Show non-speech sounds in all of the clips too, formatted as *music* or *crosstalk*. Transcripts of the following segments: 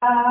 Ah.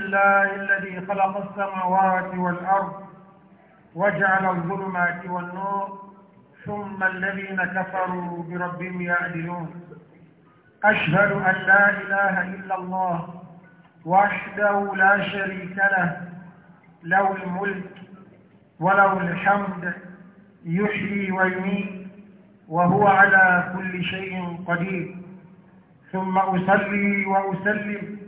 لله الذي خلق السماوات والأرض وجعل الظلمات والنور ثم الذين كفروا بربهم يعدلون أشهد أن لا إله إلا الله وحده لا شريك له له الملك وله الحمد يحيي ويميت وهو على كل شيء قدير ثم أصلي وأسلم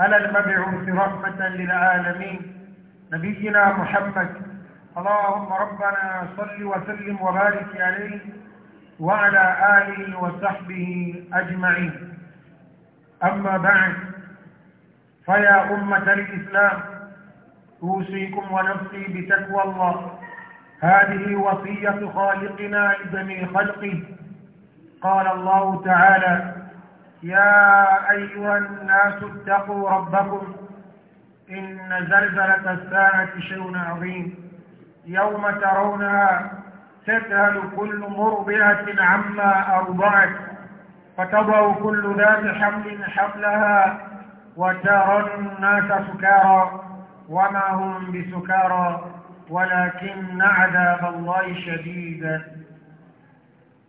أنا المبعوث رحمة للعالمين نبينا محمد اللهم ربنا صل وسلم وبارك عليه وعلى آله وصحبه أجمعين أما بعد فيا أمة الإسلام أوصيكم ونفسي بتقوى الله هذه وصية خالقنا لجميع خلقه قال الله تعالى يا أيها الناس اتقوا ربكم إن زلزلة الساعة شيء عظيم يوم ترونها تذهل كل مربعة عما أرضعت فتضع كل ذات حمل حملها وترى الناس سكارى وما هم بسكارى ولكن عذاب الله شديدا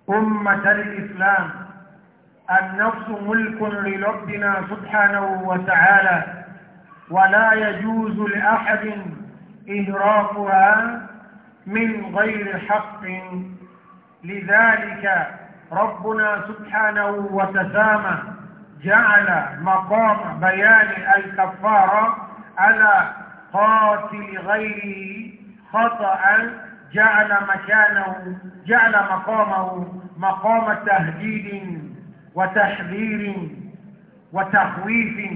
أمة الإسلام النفس ملك لربنا سبحانه وتعالى ولا يجوز لأحد إهراقها من غير حق لذلك ربنا سبحانه وتسامى جعل مقام بيان الكفارة على قاتل غيره خطأ جعل مكانه جعل مقامه مقام تهديد وتحذير وتخويف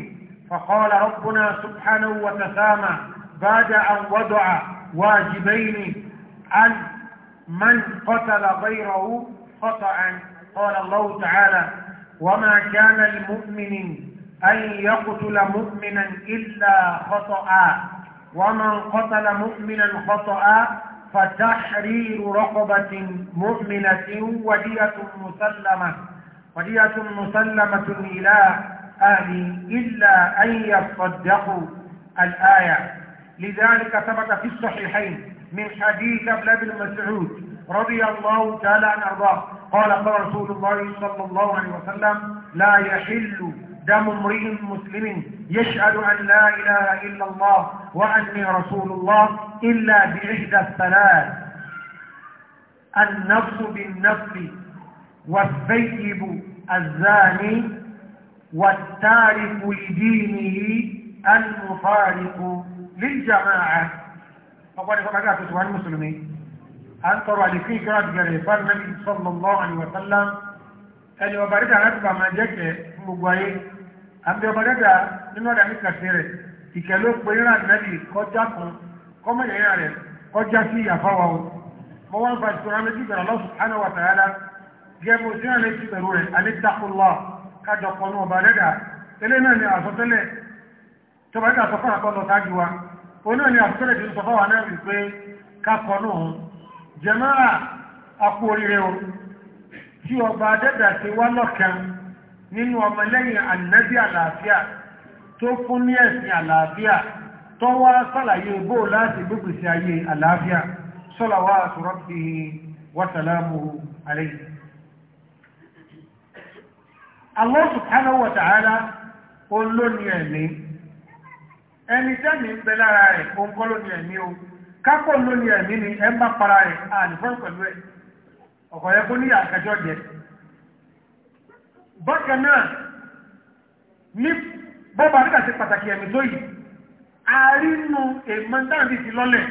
فقال ربنا سبحانه وتسامى بعد أن وضع واجبين عن من قتل غيره خطأ قال الله تعالى وما كان لمؤمن أن يقتل مؤمنا إلا خطأ ومن قتل مؤمنا خطأ فتحرير رقبة مؤمنة ودية مسلمة ودية مسلمة إلى أهله إلا أن يصدقوا الآية لذلك ثبت في الصحيحين من حديث ابن بن مسعود رضي الله تعالى عن أرضاه قال قال رسول الله صلى الله عليه وسلم لا يحل دم امرئ مسلم يشهد أن لا إله إلا الله وأني رسول الله إلا بإحدى الثلاث النفس بالنفس والثيب الزاني والتارك لدينه المفارق للجماعة أقول لكم أجاب سؤال المسلمين أن ترى لكي كرات جريفة النبي صلى الله عليه وسلم أن يبارد أنتبع ما جاك مبوائي أن يبارد nínú ọ̀dà ní kàṣẹ́rẹ̀ ìkẹ́ ló pe rán nẹ́bì kọjá kan kọ́mọ̀ ìyá rẹ̀ kọjá sí ìyàfáwa o mo gẹ́gbù tí wọ́n lè ti bẹ̀rù rẹ̀ alẹ́tàkùnlọ́ kájọ pọ̀nù ọba lẹ́dà ilé náà ni àsọtẹ́lẹ̀ tó bá dà sọfọ́nà kọ́ lọ sáájú wa òun náà ni àsọtẹ́lẹ̀ tí ó sọfọ́ wa náà rí pé ká pọ̀nù òun jẹ̀máà àpò oríire o tí ọba dẹ́dà ti wá lọ́kàn nínú ọmọlẹ́yìn ànábì àlàáfíà tó fún ní ẹ̀sìn àlàáfíà tó wá sàlàyé Allah subhanahu wa ta'ala olóni ẹ̀mí ẹni tẹ́mi ń bẹ lára rẹ̀ òǹkọ́ lóni ẹ̀mí o kápọ̀ lóni ẹ̀mí ni ẹ ń bá para rẹ̀ ànífọ́n pẹ̀lú ẹ̀ ọ̀kọ̀ yẹ kó níyà àkẹjọ́ jẹ bákan náà ní bọ́ba nígbà tí pàtàkì ẹ̀mí tó yìí a rí nu èèmọ̀ dáàbì sí lọ́lẹ̀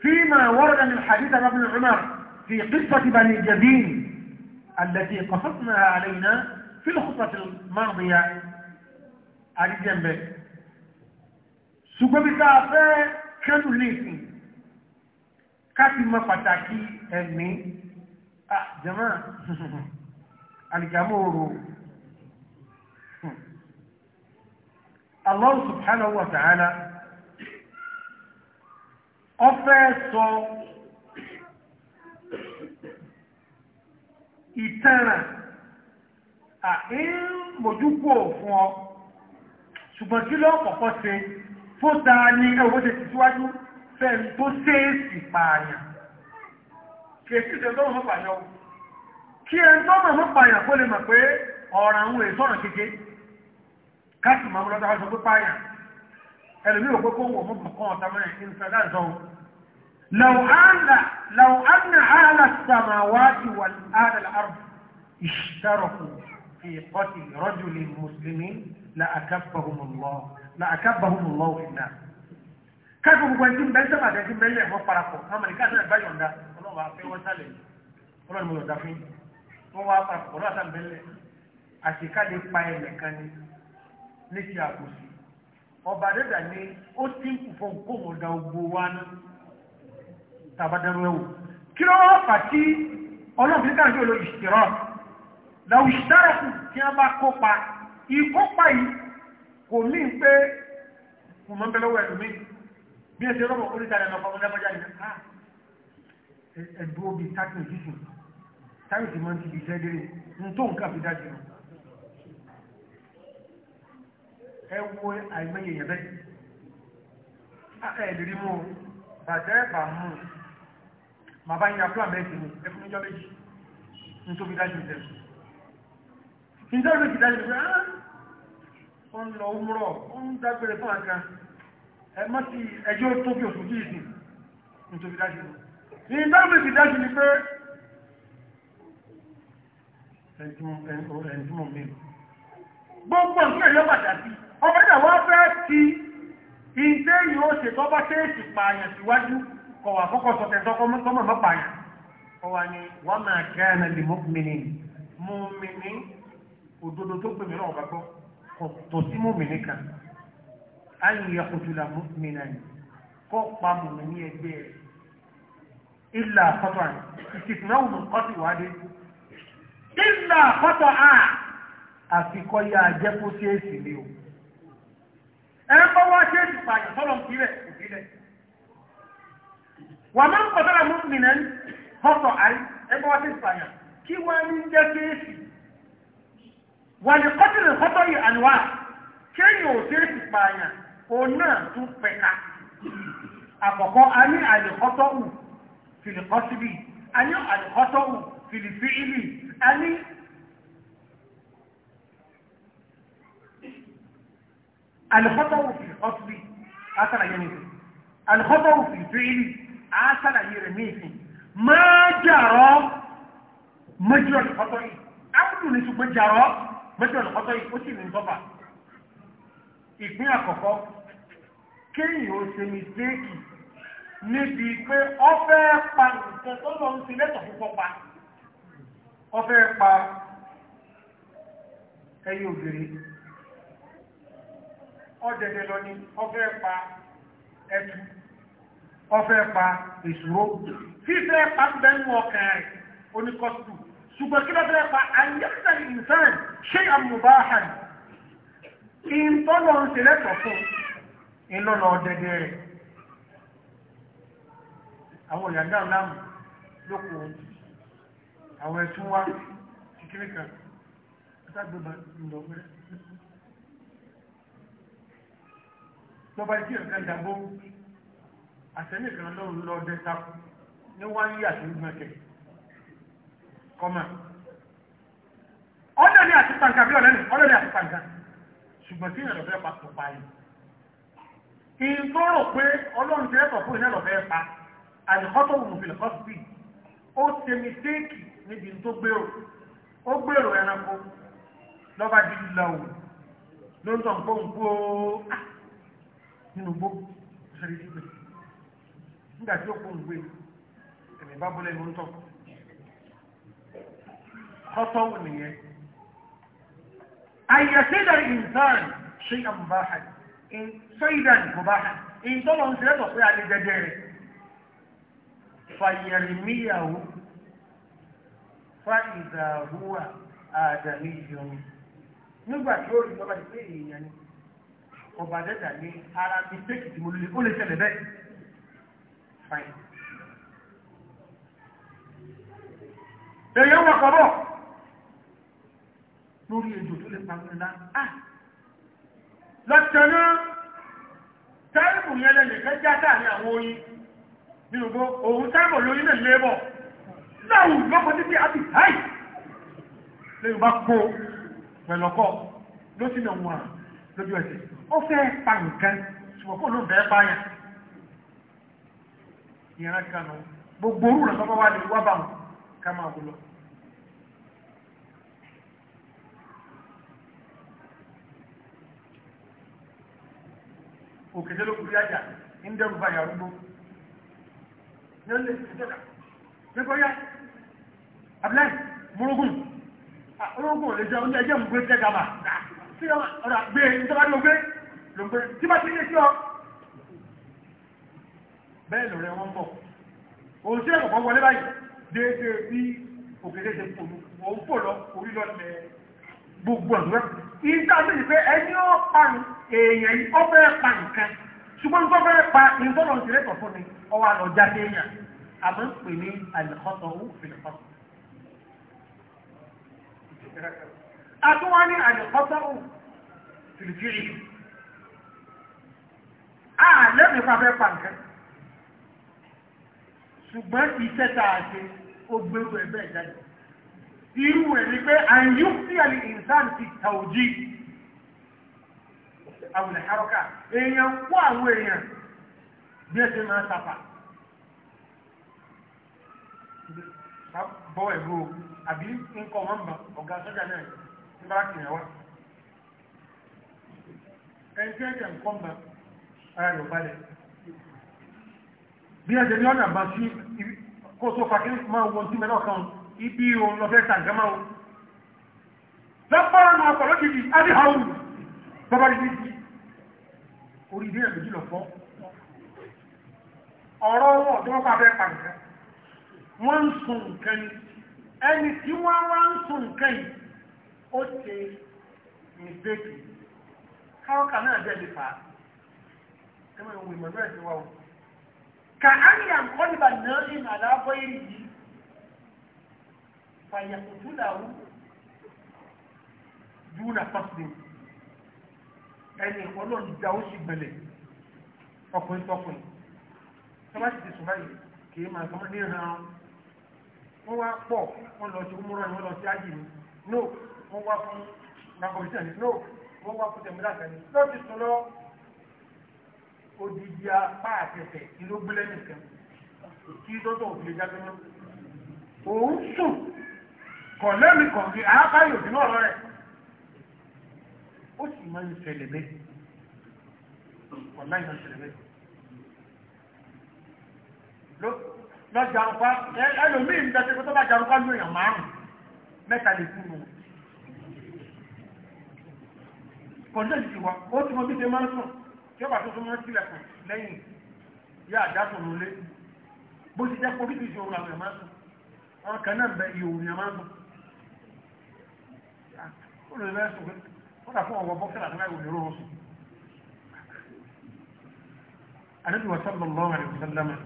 fíìmà wọ́rọ̀dà ní التي قصصناها علينا في الخطة الماضية àríjẹ̀mbẹ̀ ṣùgbọ́n bí káà fẹ́ kẹ́lù lèfin káàkiri mọ́ pàtàkì ẹ̀mí àjẹ́mọ́ alìjàmọ́ oòrùn Allah subhanahu wa ta'ala ọfẹ́ sọ ìtanràn àì ń mójúkú òfin ọ ṣùgbọ́n kí ló kọ̀kọ́ ṣe fún ta ní ẹwọ́ ṣe ti síwájú fẹ́ẹ̀rí tó ṣeéṣì pààyàn kèsì ṣe tó mọ̀ pààyàn kí ẹ tó mọ̀ mọ̀ pààyàn kó lè mọ̀ pé ọ̀ràn àwọn èso ọ̀nà kéke káàkiri mọ̀ lọ́dọ̀ àwọn ìṣòkó pààyàn ẹlòmíràn pé kó wọ̀ لو أن لو أن أهل السماوات وأهل الأرض اشترقوا في قتل رجل مسلم لأكفهم الله لأكفهم الله في النار káàkiri gbogbo ẹni tí ń bẹ sábà àti ẹni tí ń bẹ lẹ wọn parapọ̀ àwọn ẹni káàkiri ẹgbẹ yọ̀ǹda Ọlọ́run wa fẹ́ wọn sálẹ Ọlọ́run mi yọ̀ǹda fún wọn wá parapọ̀ Ọlọ́run àtàwọn bẹlẹ àṣekáde pa ẹlẹ kan ni ní ti àkóso ọba dẹdà ni ó ti ń kù fún kóhùn ọdà ogbó wa náà tàbádẹ́rú ẹwù kí ló wọ́n fà tí ọlọ́pìnká yóò lo ìṣìrọ̀ lọ́wọ́sítárọ̀kù tí a bá kópa ìkópa yìí kò ní pé kò mọ́ bẹ́lọ́wọ́ ẹ̀lùmí bí ẹ̀sẹ̀ rọ́bọ̀ oríṣàlẹ̀ lọ́pọ̀ ọmọdébọ́já ìrìnká ah, ẹ̀dùn obì tákìn jísìn táyìsì máa ti bìí sẹ́gẹ́rẹ́ ń tó nǹkan fi dájú rẹ̀ ẹ wo mú bàjẹ́ bà màá bá ń ya plan bẹ́ẹ̀ tèmi ẹ fún mi jọ méjì nítorí dájú ìjẹ ìjọba ìdájú ìjẹ ah ó ń lọ múrọ̀ ó ń dágbére fún àga ẹ mọ́ sí ẹjọ́ tóbi òsùn bí ìsìn nítorí dájú ìjẹ ìjọba ìdájú ni pé ẹ̀ntúmọ̀ mi gbogbo nǹkan èyí pàtàkì ọmọdé wọ́n fẹ́ ti ìdé yìí ó ṣe tọ́ bá tẹ́ẹ̀sì pààyàn síwájú kọ̀ wà kọ́kọ́ sọ tẹ̀sọ́ tọ́mọ̀ mọ́ pààyàn kọ́ wa ni wọ́n máa kẹ́ ẹ̀ lè mú mi ní mú mi ní òdodo tó gbèmí náà ọ̀gá gbọ́ kò tó sí mú mi ní kan ayé ìyàkójú la mú mi náà ni kọ́ pa mú mi ní ẹgbẹ́ ilà àkọ́tọ̀ àyè ìsìnkúnáwó ló kọ́ sí wáde ilà àkọ́tọ̀ à àfikọ́ yà á jẹ́ kó ṣe é sì o ẹ bá wá ṣe é sì pààyàn sọ́lọ́ ń kí wà máa ń pọ̀tàrà mọ́sùlùmí họ́tọ̀ àrí ẹgbẹ́ wá sí ìpàyàn kí wọ́n ní jẹ́ kéèsì wà ní kọ́tìlì họ́tọ̀ yìí àníwá kéèyàn ò kéèsì pààyàn òun náà tún pẹ̀ka àkọ́kọ́ a ní àlèkọ́tọ̀ wù fìlìkọ́síbì a ní àlèkọ́tọ̀ wù fìlìfìlì a ní àlèkọ́tọ̀ wù fìlìkọ́síbì látara yẹn nìyẹn àlèkọ́tọ̀ a sàlàyé rẹ̀ ní ìsìn máa rọ mẹ́jọ lọ́kọ́tọ́ yìí ábùdù ní ṣùgbọ́n jàrọ́ mẹ́jọ lọ́kọ́tọ́ yìí ó sì ní tọ́fà ìpín àkọ́kọ́ kéèyàn ó ṣe mistake níbi pé pa nǹkan tó lọ ń ṣe lẹ́tọ̀ pa ọfẹ́ pa pa ẹtù ọfẹ́ pa ìṣòro fífẹ́ pa ń bẹnu ọkàn rẹ̀ oníkọ́sùtù ṣùgbọ́n kí lọ́fẹ́ pa àyẹ̀kùtà ìsàn ṣé àmùbá hàn ìtọ́lọ̀ ń ṣe lẹ́tọ̀ọ́ fún ìlọ́lọ́ ọ̀dẹ̀dẹ̀ rẹ̀ àwọn ìyàgbá ọ̀làmù lóko àwọn ẹ̀tún wá kíkiri kan látàgbébà ńlọ wẹ́rẹ́ lọ́ba ìdí ẹ̀ka ìdàgbò àtẹnìkan ló ń lọ dẹ́ta ní wá ń yà sí gbẹ̀kẹ̀ kọ́mà ọ̀dọ̀ ni àti pàǹkà bí ọ̀lẹ́ni ọ̀dọ̀ ni àti pàǹkà ṣùgbọ́n tí ìrìnàlọ́ fẹ́ pa tó pa yìí ìtọ́rọ̀ pé ọlọ́run ti rẹ́pọ̀ fún ìrìnàlọ́ fẹ́ pa àyíkọ́tọ̀ wù fìlẹ̀ kọ́sìtì ó ṣe mi téèkì níbi tó gbèrò ó gbèrò ẹranko lọ́ba di ìlà òun ló ń tọ̀ nǹkan ah! nǹkan nínú gbó ṣe rí sí pẹ̀lú nígbà tí ó kó ń gbé ẹ̀mí bá bọ́lẹ̀ ló ń tọ̀ kọ́tọ́ wù nìyẹn àyẹ̀sẹ̀ ìdàrí ìǹtàn ṣe àmúbáhà sọ ìdàrí ìbúbáhà ìtọ́lọ̀ ń ṣẹlẹ̀ tọ̀ pé alẹ́ jẹjẹ rẹ̀ fàyẹ̀rìmíyàwó fàìdàrúwà àdàmíyàn nígbà tí ó rí lọ́ba ní pé èèyàn ni ọba dẹ́ta ara mi tẹ́kìtì mo ó lè ṣẹlẹ̀ bẹ́ẹ̀ fine. èèyàn wọ̀ kọ̀bọ̀ lórí èdò tó lè pàmìlẹ̀ náà ah lọ́tẹ̀ẹ́nà táìmù yẹn lẹ́yìn kẹ́ já dáàrin àwọn oyin nínú bó òun táìmù lóyún lè lébọ̀ láwù lọ́kọ̀ títí àti háì lẹ́yìn bá kó pẹ̀lọ́kọ̀ ló sì nà wọn lójú ẹsẹ̀ ó fẹ́ pa nǹkan ṣùgbọ́n kó ló bẹ́ẹ̀ pààyàn ìran kanu gbogbo orú rẹ̀ tọ́pọ̀ wà lè wá bá wọn ká máa bú lọ. òkèdè ló kúrí àjà ń dẹrù bá yàrá gbó yóò lè fi dọ́là nípa yá abúláì múrógùn ológun ò lè jẹ oúnjẹ ẹjẹ mú gbé tẹ́gàmà sí ọ̀rọ̀ àgbé nítorí ló gbé ló gbé tí bá ti ní sí ọ bẹ́ẹ̀ lọ́rẹ́ wọn bọ̀ òun tí ẹ̀kọ́ wọlé báyìí déédéé bí òkèlè ṣe fò òun fò lọ orí lẹ gbogbo ọ̀dọ́ ìta sí ìfẹ́ ẹni ó pan èèyàn yìí ó fẹ́ pa nǹkan ṣùgbọ́n tó fẹ́ pa ìtọ́nà ìṣẹ̀lẹ̀ kan fún ni ọwọ́ àlọ́ jáde èèyàn àmọ́ ń pè ní àlẹ́kọ́tọ̀ owó ìfìlẹ̀kọ́ àtúwá ní àlẹ́kọ́tọ̀ owó ìfìlẹ̀kọ́ àlẹ́ mi fà pa nǹkan ṣùgbọ́n iṣẹ́ tá a ṣe ó gbérú ẹ̀ bẹ́ẹ̀ jáde irú ẹ̀ ni pé àyù sí àlè ìsàn ti tàòjì àwọn ìhárọ́kà èèyàn kó àwọn èèyàn bí ẹ ṣe máa sàfà bọ́ ẹ̀gbọ́ àbí nǹkan ọmọ mbà ọ̀gá sọ́jà náà ń bá kìnìyàn wá ẹni tí ẹ̀jẹ̀ nǹkan mbà ara rẹ̀ ò bí ẹ̀jẹ̀ ní ọ̀nà bá sí kó tó fà kí máa wọ́n tí mẹ́lọ́ kan ibi òun lọ fẹ́ tàǹgámá o lọ́pọ̀lọ́ máa pọ̀lọ́ kìí adéhàwù bọ́bá rí bíi orí ilé ẹ̀mí jùlọ fọ́ ọ̀rọ̀ wọn tó wọ́n pa abẹ́ pa nǹkan wọ́n ń sun nǹkan ni ẹni tí wọ́n wá ń sun nǹkan o. كأن ينقلب الناجم على غيره فيقتله دون قصد يعني ọlọ́run da ó sì gbẹlẹ̀ ọkùnrin tọkùnrin tọ́lá sì ti sùn báyìí kì í máa sọmọ ní ìran wọn wá pọ̀ wọn lọ sí múra wọn lọ sí ájì ni no wọn wá fún nàkọ̀ọ́sí àní no wọn wá fún tẹ̀mílà àtàní lọ́ọ́ ti sùn lọ́ọ́ odidi apá àtẹ̀tẹ̀ kí ló gbélé nìkan kí dọ́tọ̀ òfin jáde mọ́. òun sùn kọ̀ lẹ́mìí kàn sí àábáyò sínú ọ̀rọ̀ rẹ̀ ó sì máa ń ṣẹlẹ̀ bẹ́ẹ̀ kọ̀ láì máa ń ṣẹlẹ̀ bẹ́ẹ̀. lọ jàǹfà ẹlòmíì ń dẹ́sẹ̀ pé tó bá jàǹfà lóyàn márùn-ún mẹ́ta lè kú nù. kọ̀ọ̀dọ̀ ìṣìwà ó ti mọ bí ṣe máa ń sùn yọba tó tún mọ́ sílẹ̀kùn lẹ́yìn yá àdásùn lólé bó ti jẹ́ pọ́bí ti ṣe òun àwọn ẹ̀mọ́ sùn wọn kan náà bẹ ìhòòhùn ni a máa ń sùn ó lè bẹ́ẹ̀ sùn wọ́n dà fún ọ̀wọ́ bọ́kẹ́lá tó láì wò ní ró sùn. àdébí wa sábà lọ́wọ́ rẹ̀ fún lẹ́mọ̀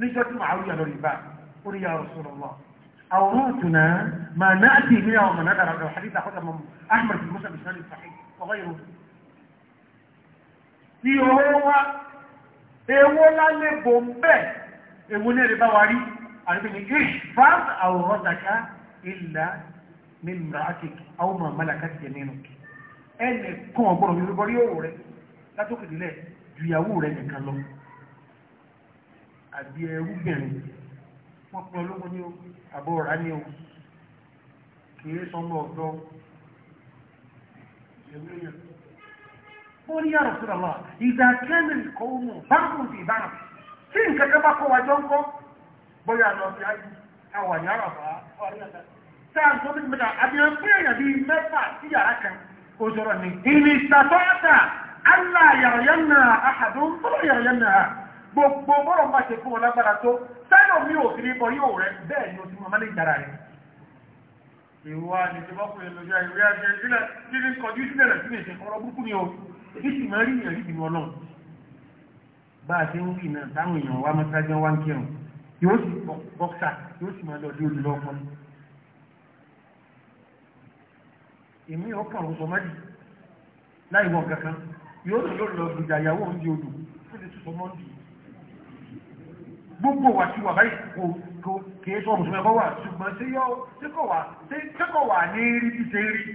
níjọ́ tí màá wúyà lórí bá ó ní yàrá sọ̀rọ̀ lọ. àwòrán tùnà màá náà ti ìmíràn ọmọ náà dára lọ hadith àkọ́tà mọ́mú ahmed musa bisani sahih ọ̀gá yòówù ìhòòhò wa ewó lálẹ́ bò ń bẹ̀ ewu ní èrè bá wa rí àríbìnrin ish fast àwòrán zaka ìlà mímra àkèkè àwọn ọmọ àmàlàkà ti jẹ nínú ẹnì kan ọgbọ́n mi lóbọ́ rí òwò rẹ látòkè nílẹ̀ ju ìyàwó rẹ nìkan lọ àbí ẹrúgbìnrin wọ́n pín ológun ní àbọ̀ ọ̀rá ní o kì sọmọ ọ̀dọ́ ìyàwó قول يا رسول الله إذا كان القوم بعض في بعض فين كتبك وجنكم بيا نبي أو يعرف sáà tó bí mẹ́ta àbíyàn pé èèyàn bí mẹ́fà sí yàrá kan òjòrò ní ìmìsàtọ́ta aláyàrọ̀yẹ́nà àhàdùn tọ́lọ̀yàrọ̀yẹ́nà gbogbo bọ́rọ̀ máa ṣe fún wọn lágbára tó sáyọ̀ mi ò kiri bọ yóò rẹ bẹ́ẹ̀ ni o ti mọ̀ mẹ́lẹ̀ ìjára rẹ̀ ìwà nìjọba kò lè lọ sí àìwé kọjú sílẹ̀ sí ìṣẹ̀kọ́rọ̀ burúkú ni o èyí sì máa rí ìyànjú ìlú ọlọ́run bá a ti ń rí náà táwọn èèyàn wá mọ́sájọ́ wá ń kírun yóò sì bọ́ksà yóò sì máa lọ sí olùlọ ọmọ èmi ọkàn ọ̀sọ̀ mọ́jì láì wọ kankan yóò sì lọ lọ gbìjà ìyàwó oúnjẹ odò tó lè tutù ọmọ nìyí gbogbo wa ti wà báyìí kò kò sọ mùsùlùmí ẹgbẹ́ wà ṣùgbọ́n tí yọ tíkọ̀wà tí tíkọ̀wà ní rí bí ṣe rí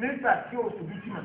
nígbà tí ó ṣubú tìmọ̀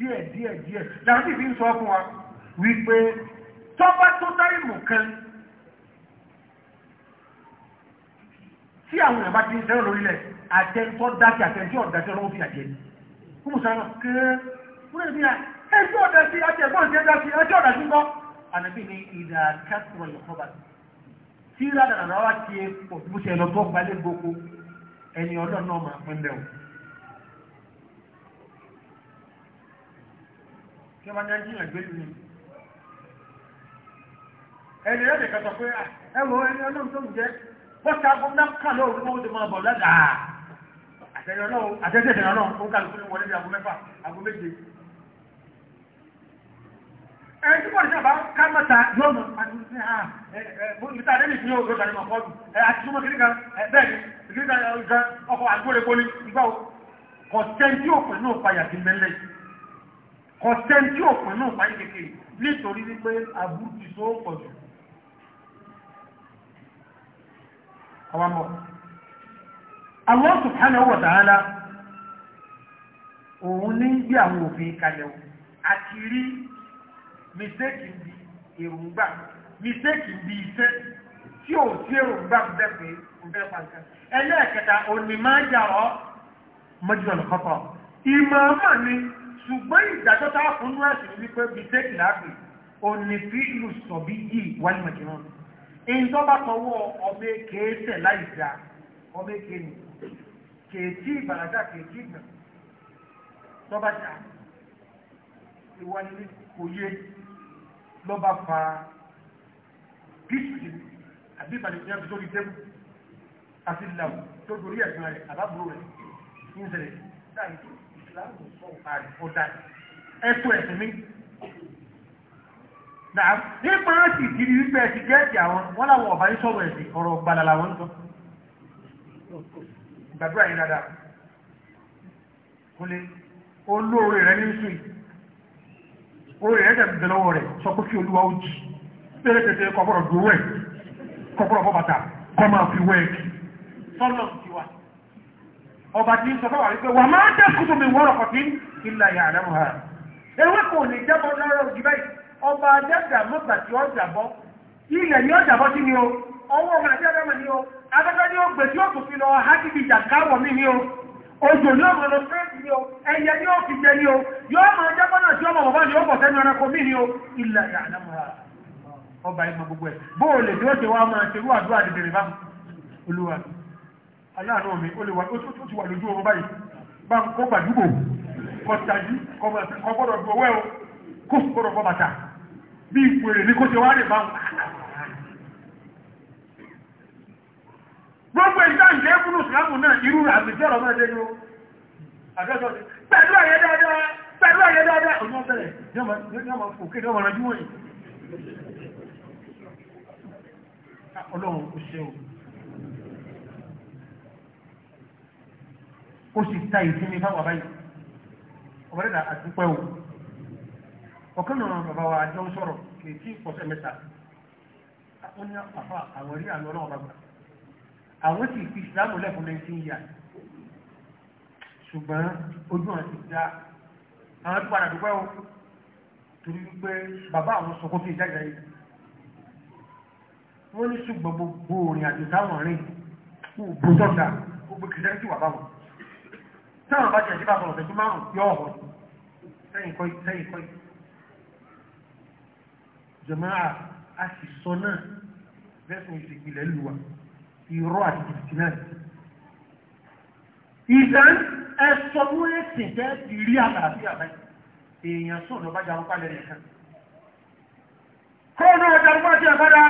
díẹ̀ díẹ̀ díẹ̀ làbí fi ń sọ fún wa wípé tọ́ba tó táìmù kan tí àwọn èèyàn bá ti ń sẹ́rọ̀ lórílẹ̀ àtẹ̀ntọ́ dákì àtẹ̀ntọ́ ọ̀dájọ́ lọ́wọ́ fi àjẹ́ kúmù sáré kéé wọ́n rẹ̀ bí i ẹjọ́ ọ̀dájọ́ àtẹ̀gbọ́n ti ẹjọ́ ọ̀dájọ́ ńkọ́ ànàbí ni ìdá kẹ́tùrọ̀ ìkọ́bà tí rádàrà wá ti pọ̀ bó ṣe lọ tó gbalẹ̀ gboko ẹni ọlọ́run náà máa pín bẹ́ẹ̀ tí wọ́n jẹ́ jíyàn gbé ní ẹni ẹ̀ lè kẹta pé ẹwọ́ ẹni ọlọ́run tó ń jẹ́ bọ́ta gómìnà kan lóòrùn kó tó máa bọ̀ lọ́dà àtẹ̀yẹ ọlọ́run àtẹ̀yẹ ìdènà náà ó kàlùkù ní wọlé ní aago mẹ́fà aago méje ẹni tí wọ́n ti sábà ká mọ́ta yóò mọ̀ àti ní ha ẹ ẹ mọ́ta ẹni tí yóò lọ́dà ní mọ̀ fọ́ọ̀dù kò sẹ́ni náà kékeré nítorí wípé aburú ti so pọ̀ jù. àwọn mọ̀ Allah òun ní gbé àwọn òfin kalẹ̀ o àti rí mistake bí erungba mistake bí iṣẹ́ tí ò sí èròǹgbà ń pé ni ṣùgbọ́n ìdájọ́ táà fún ní ẹ̀sìn wípé bí tẹ́kì láàbì ò ní fi ìlú sọ bí yìí wáyé mọ̀jìrán èyí tó bá tọwọ́ ọbẹ̀ kéésẹ̀ láì dá ọbẹ̀ kéènì kéètì ìbàlágà kéètì ìgbà tó bá dá ìwà ní kò yé ló bá fa bíṣì àbí ìbàlẹ̀kẹ́ àbí tó rí tẹ́kù àti ìlàwọ̀ kódà ìlú ìsìláàmù sọ àrí ọ̀dà ẹ̀kọ́ ẹ̀sìn mi. nípa sì kiri wípé ẹ̀sìn gẹ́ẹ̀sì àwọn wọn làwọn ọ̀bá yín sọ̀rọ̀ ẹ̀sìn ọ̀rọ̀ gbala làwọn ń sọ. gbàdúrà yín dáadáa kúnlé olóore rẹ ní sùn orí rẹ tẹ̀sí bẹ̀lọ́wọ́ rẹ sọ pé kí olúwa ó jì bẹ́ẹ̀ tẹ̀sí kọ́kọ́rọ̀ dùn wẹ̀ kọ́kọ́rọ̀ bọ́ bàtà kọ́ máa fi wẹ́ẹ̀kì sọ́nà tiwa. ọba tí ń sọ fún wípé wà máa dẹ́kùtù mi wọ́n yà àdámù ha ewé lè jábọ́ lọ́rọ̀ òjì báyìí ọba adẹ́gbà mọ́gbà tí ó jàbọ́ ilẹ̀ ni ó jàbọ́ sí ni o ọwọ́ ọmọ àti ni o afẹ́fẹ́ ni ó tí ó tún fi lọ ti fi ni o òjò ni ó lọ fẹ́ẹ̀sì ni o ni ó fi jẹ ni o yóò máa ọmọ bàbá ni ó o yà aláàánú mi ó lè wà ó ti wà lójú ọmọ báyìí bá ń kó gbàdúgbò kọtajú kọgbọ́dọ̀ gbọ́ wẹ́ o kó gbọ́dọ̀ gbọ́ bàtà bí ìpèrè ní kó ṣe wá lè bá wọn. gbogbo ìgbà ìjẹ́ fúnnù sàmù náà irú àmì jẹ́ ọ̀rọ̀ mẹ́rin ló àjọ́sọ́ ti pẹ̀lú àyẹ dáadáa pẹ̀lú àyẹ dáadáa ọjọ́ bẹ̀rẹ̀ ní ọmọ òkè ní ọmọ ọ̀rọ̀ ó sì ta ìsinmi fáwọn báyìí ọ̀rẹ́ dà àdúpẹ́ o ọ̀kan náà bàbá wa jọ ń sọ̀rọ̀ kì í tí pọ̀sẹ̀ mẹ́ta ó ní àpá àwọn rí àná ọlọ́wọ́ bàbá àwọn sì fi ìsìlámù lẹ́kùn nineteen years ṣùgbọ́n ojú àti ìdá àwọn tó padà dúpẹ́ o torí wípé bàbá àwọn sọkó fi ìjáde yìí wọ́n ní ṣùgbọ́n gbogbo òrìn àjò táwọn rìn kó o bó tọ́ta ó gbé kìrìsìtẹ́rì sí wà báwọn táwọn bá jẹ́ ìṣẹ́ bá sọ̀rọ̀ tẹ́jú márùn-ún yọ ọ̀họ̀ sẹ́yìn kọ́ sẹ́yìn kọ́ jọmọ́ra a sì sọ náà bẹ́sùn ìsìnkìlẹ̀ lù wá irọ́ àti jìbìtì náà ìdán ẹ̀sọ́ mú ẹ̀sìn jẹ́ ti rí àlàáfíà báyìí èèyàn sọ̀rọ̀ bá jarúpá lẹ́yìn kan kọ́ọ̀nù ọ̀jarúpá ti àbára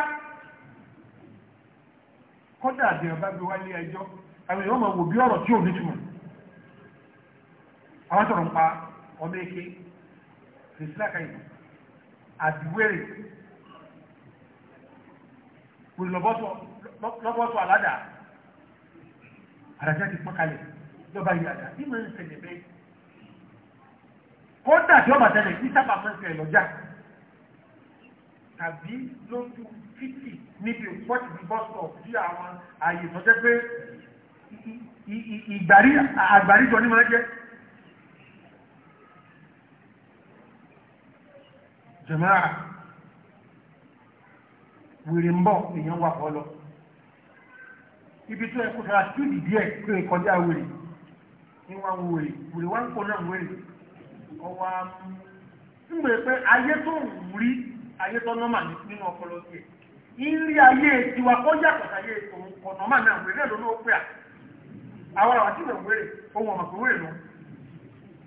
kọ́dà àbẹ̀yàn bá gbé wálé ẹjọ́ àwọn èèyàn máa wò bí ọ̀rọ̀ àwọn sọ̀rọ̀ ń pa ọmọ eke kìrìsìláka ìlú àdìwérè lọ́bọ́sọ̀ aládà àràjá ti pọ́n kalẹ̀ lọ́ba yìí àdá bí máa ń ṣẹlẹ̀ bẹ́ẹ̀ kódà tí ọba tẹ̀lẹ̀ tí sábà máa ń ṣẹlẹ̀ lọ́jà tàbí lójú títì níbi pọ́tù bí bọ́sọ̀ sí àwọn àyè tó pé ìgbàrí àgbàríjọ ní máa jẹ́ jẹ̀máà wèrè ń bọ̀ èèyàn wà bọ́ lọ ibi tó ẹkùn tara sílì díẹ̀ pé kọjá wèrè ní wá wo wèrè wèrè wá ń kó náà wèrè ọwọ́ ń gbé pé ayé tó ń rí ayé tó nọ́mà nínú ọpọlọ tiẹ̀ ìrí ayé tiwa kọjá kọ̀sáyé òun kọ̀ nọ́mà náà wèrè ló ló pè à àwọn àwọn àti ìwẹ̀ wèrè ohun ọ̀mọ̀ pé wèrè lọ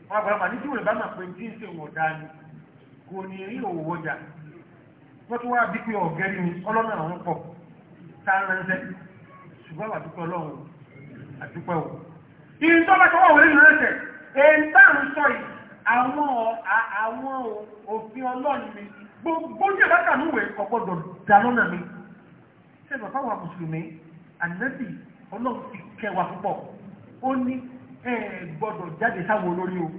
wọn àgbàlagbà ní tí wèrè bá mà pé ní tí ń ṣe òun kò ní rí òwò ọjà wọ́n tún wá bí pé ọ̀gẹ́rì ni ọlọ́nà àwọn pọ̀ tá a ránṣẹ́ ṣùgbọ́n wà dúpẹ́ ọlọ́run àdúpẹ́ o. ìyìn tó bá tọwọ́ wọlé ìlú rẹ̀ èyí tá à ń sọ yìí àwọn àwọn òfin ọlọ́run mi gbogbo ní ìbáta níwèé ọgbọ́dọ̀ dáná mi ṣé bàbá wa mùsùlùmí ànẹ́bì ọlọ́run ti kẹwàá púpọ̀ ó ní ẹ gbọ́dọ̀ jáde sáwọn olórí o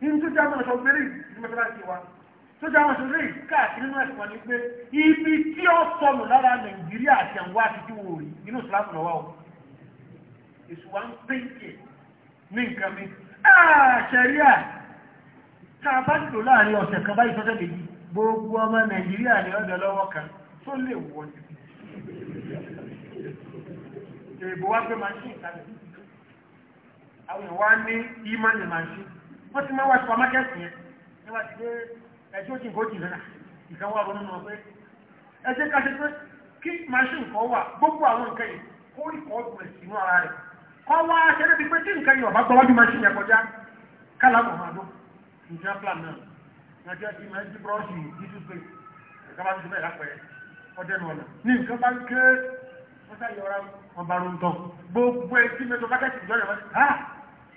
nínú tó jáwọn ọ̀ṣọ́ bẹ̀rẹ̀ ìdí mẹ́tàláṣí wa tó jáwọn ọ̀ṣọ́ bẹ̀rẹ̀ káàkiri nínú ẹ̀sùn wọn ni pé ibi tí ó sọnù lára nàìjíríà àti àwọn àtijọ́ wò rí inú ìsìlámù lọ́wọ́ o èsù wa ń pèǹkì ní nǹkan mi àṣẹríà tá a bá lò láàrin ọ̀sẹ̀ kan báyìí sọ́sẹ̀ méjì gbogbo ọmọ nàìjíríà ní ọ̀dọ̀ lọ́wọ́ kan tó lè wọ̀ ní wọ́n ti máa wá supermarket yẹn ní wá ti gbé ẹjọ́ tí kò jìn lọ́nà ìkan wà ronú náà pé ẹjẹ́ ká ṣe pé kí machine kan wà gbogbo àwọn nǹkan yìí kó ìkọ́ ọ̀gbìn sínú ara rẹ̀ kọ́ wá ṣe débi pé tí nǹkan yìí ọ̀bá gbọ́ wájú machine yẹn kọjá kálàmù ọ̀hánú ìjọ plan náà ìjọ ti máa ń jí búrọ́ọ̀ṣì jíjú pé ẹ̀ka bá ti bẹ́ẹ̀ lápẹ̀ẹ́ ọdẹ́nu ọ̀nà ní nǹkan bá ń ké wọ́n sá yọra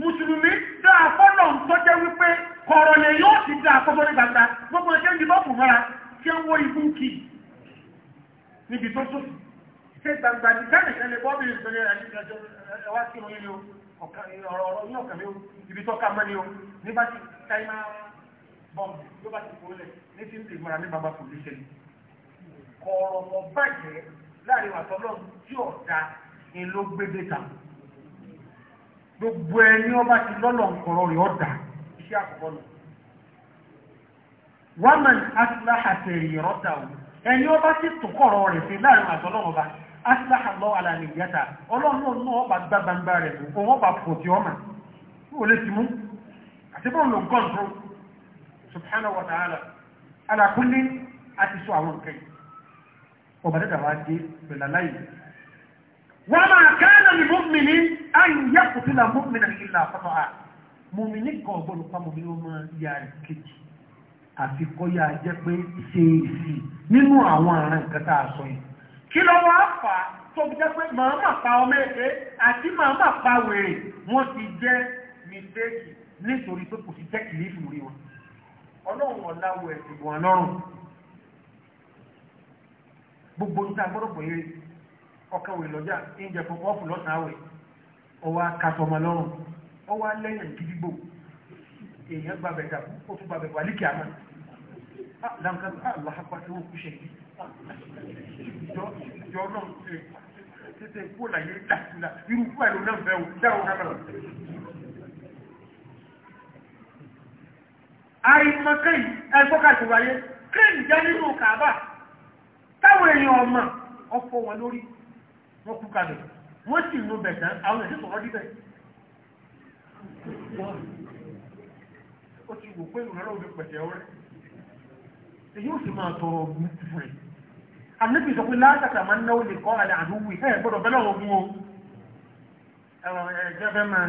mùsùlùmí dáa fọ́nà tó jẹ́ wípé kọ̀rọ̀ lè yóò ti dáa fọ́nà ní gbàgbà gbogbo ẹgbẹ́ ń dìbò fún mọ́ra tí ń wọ ibú kì níbi tó tó ṣe gbàgbà ní ọ̀rọ̀ ní ọ̀kàn mi o tí táìmà bọ́ọ̀mù ló bá ti kó gbogbo ẹni ọba ti lọ́lọ́ nkọ̀rọ̀ rẹ̀ ọ̀dà iṣẹ́ àkọ́kọ́ lọ. wàmán asilaha tẹ̀rì ìrọ́ta o ẹni ọba ti tòkọ̀rọ̀ rẹ̀ sí láàrin àtọ́lọ́wọ́ bá asilaha lọ alàlẹ́ ìyáta ọlọ́run náà ọba gbá gbangba rẹ̀ bò òun ọba pọ̀ tí ọmọ ó lè ti mú àti bọ́ọ̀ ló ń tó subhanahu wa ta'ala ala àti sọ àwọn nǹkan yìí ọba dẹ́dà wá dé pẹ̀lú aláìlú wọ́mà kánà ní mọ́mìnì ayé kùtìlà mọ́mìnà ìlà àpapọ̀ à mọ́mìnì kan gbọ́dọ̀ pa mọ́mìnì ọmọ ya kejì àti kọ́yà jẹ́ pé ṣe èsì nínú àwọn àrùn nǹkan tá a sọ yìí kí ló wá fà á tó fi jẹ́ pé màmá pa ọmọ èké àti màmá pa wèrè wọ́n ti jẹ́ mistake nítorí pé kò sí tẹ́kìlífù rí wọn ọlọ́run ọ̀làwọ̀ ẹ̀sìn wọn lọ́rùn gbogbo níta pọ̀ yẹn ọkàwé lọ́jà ìjẹ pọ̀pọ̀ fún lọ́sàáwẹ̀ ọwọ́ akásọmọ lọ́rùn ọwọ́ lẹ́yìn gidigbo èèyàn gbàbẹ̀ dàbú ó tún gbàbẹ̀ wà líkì àmà láǹkàtà àlàápá tí ó kú ṣe yìí ìjọ náà tètè kú láyé dàkúlà irú kú àìlú náà fẹ́ o dáwọ́ kámẹ́rà àìmọ̀kẹ́yì ẹgbọ́kàtù wáyé kí ìjẹ́ nínú kàbà táwọn èèyàn ọmọ ọ̀fọ̀ wọn lórí wọ́n kú kalẹ̀ wọ́n sì lo bẹ̀tán àwọn èdè sọ̀rọ̀ díbẹ̀ ó ti wò pé ìrọ̀lọ́ òde pẹ̀tẹ̀ ọ̀rẹ́ èyí ó sì máa tọrọ ọ̀gbìn fún ẹ̀ àníbi ìsọ̀kú látàkà máa ń náwó lè kọ́ àlẹ́ àdúgbò ẹ̀ gbọ́dọ̀ bẹ́lẹ̀ ọ̀gbìn o ẹ̀rọ ẹ̀jẹ̀ fẹ́ máa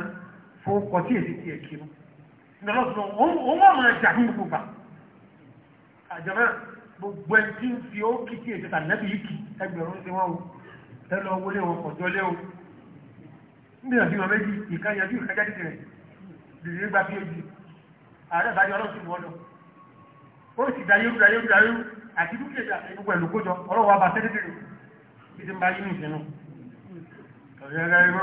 fowó kọ tí èdè tiẹ̀ kiri ìrọ̀lọ́sọ̀rọ̀ òun wọ́n máa jà fún gbogbo àjọ̀mọ́ gbogbo ẹ̀ tí ń fi ó kí tí èdè tàbí ẹgbẹ̀rún ti wọ́n wò tẹ́lọ owó lé wọn kọjọ o níbi ọ̀sìn wọn méjì ìka yanjú ìka jáde tirẹ̀ lèlè gba bí ojì ààrẹ bá yọ ọlọ́run sí wọn lọ ó sì dayé rú dayé rú dayé rú àti dúkìá gbogbo ẹ̀lú kójọ ọlọ́wọ́ abà sẹ́dẹ̀dẹ̀rẹ̀ bí ti ń bá yínú ìsinú ọ̀rẹ́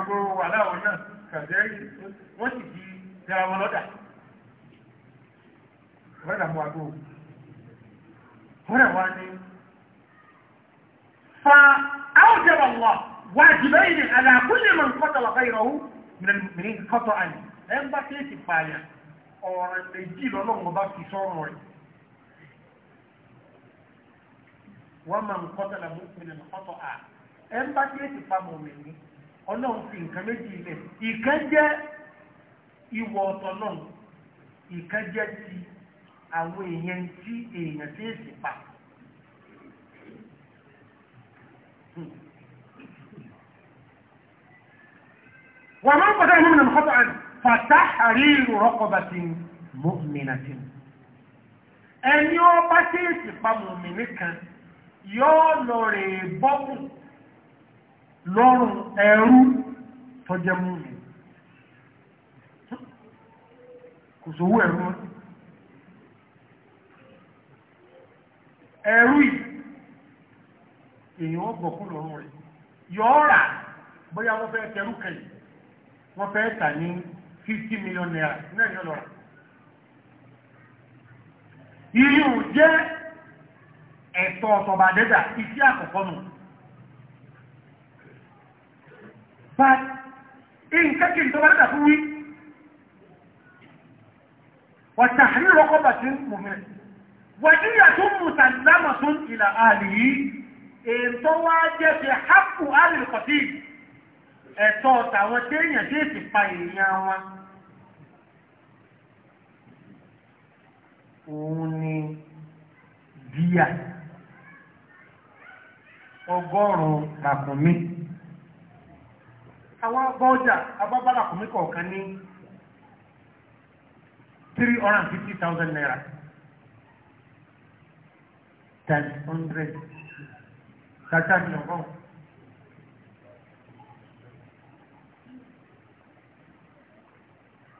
wa ni فأوجب الله واجبين على كل من قتل غيره من المؤمنين خطأ ẹn bá kéèkì pààyàn ọ̀rọ̀ méjì lọ́lọ́wọ́ bá fi sọ́rọ̀ rẹ̀ wọ́n máa ń kọ́tà làmú ìpínlẹ̀ ọ̀tọ̀ à ẹn bá kéèkì pàmò mi ní ọlọ́run fi nǹkan méjì ilẹ̀ ìkan jẹ́ ìwọ ọ̀tọ̀ náà ìkan jẹ́ ti àwọn èèyàn tí èèyàn tí èsì pààyàn. وما قتل مؤمنا خطأ فتحرير رقبة مؤمنة ẹni ọba tí èsì pa mùmìnì kan yóò lọ rè bọ́kù lọ́rùn ẹrú tọ́jẹ́ mùmìnì kò sówó ẹrú ẹrú yìí èèyàn bọ̀ kó lọ́rùn rẹ̀ yọ̀ọ́ rà bóyá wọ́n fẹ́ tẹrú kẹ̀yìn wọ́n fẹ́ tà ní fifty million naira náà ni ọlọ́run. irú jẹ́ ẹ̀tọ́ ọ̀tọ̀bà dẹ́dà iṣẹ́ àkọ́kọ́ nù. but nǹkan kí n tọ́ba dẹ́dà fún wí. wọ́tà rọ́kọ́bà tí ń mú mi. wàdíyà tó mú sàlámà tó ń tìlà àlè yìí èntọ́ wá jẹ́ ti hapù alìlùkọ̀tí ẹ̀tọ́ tàwọn téèyàn dé ti pa èèyàn wọn òun ni díà ọgọ́rùn-ún làkùnmí àwọn bọ́ọ̀jà abábá làkùnmí kọ̀ọ̀kan ní 350,000 naira times 100 dájá ní ọgọ́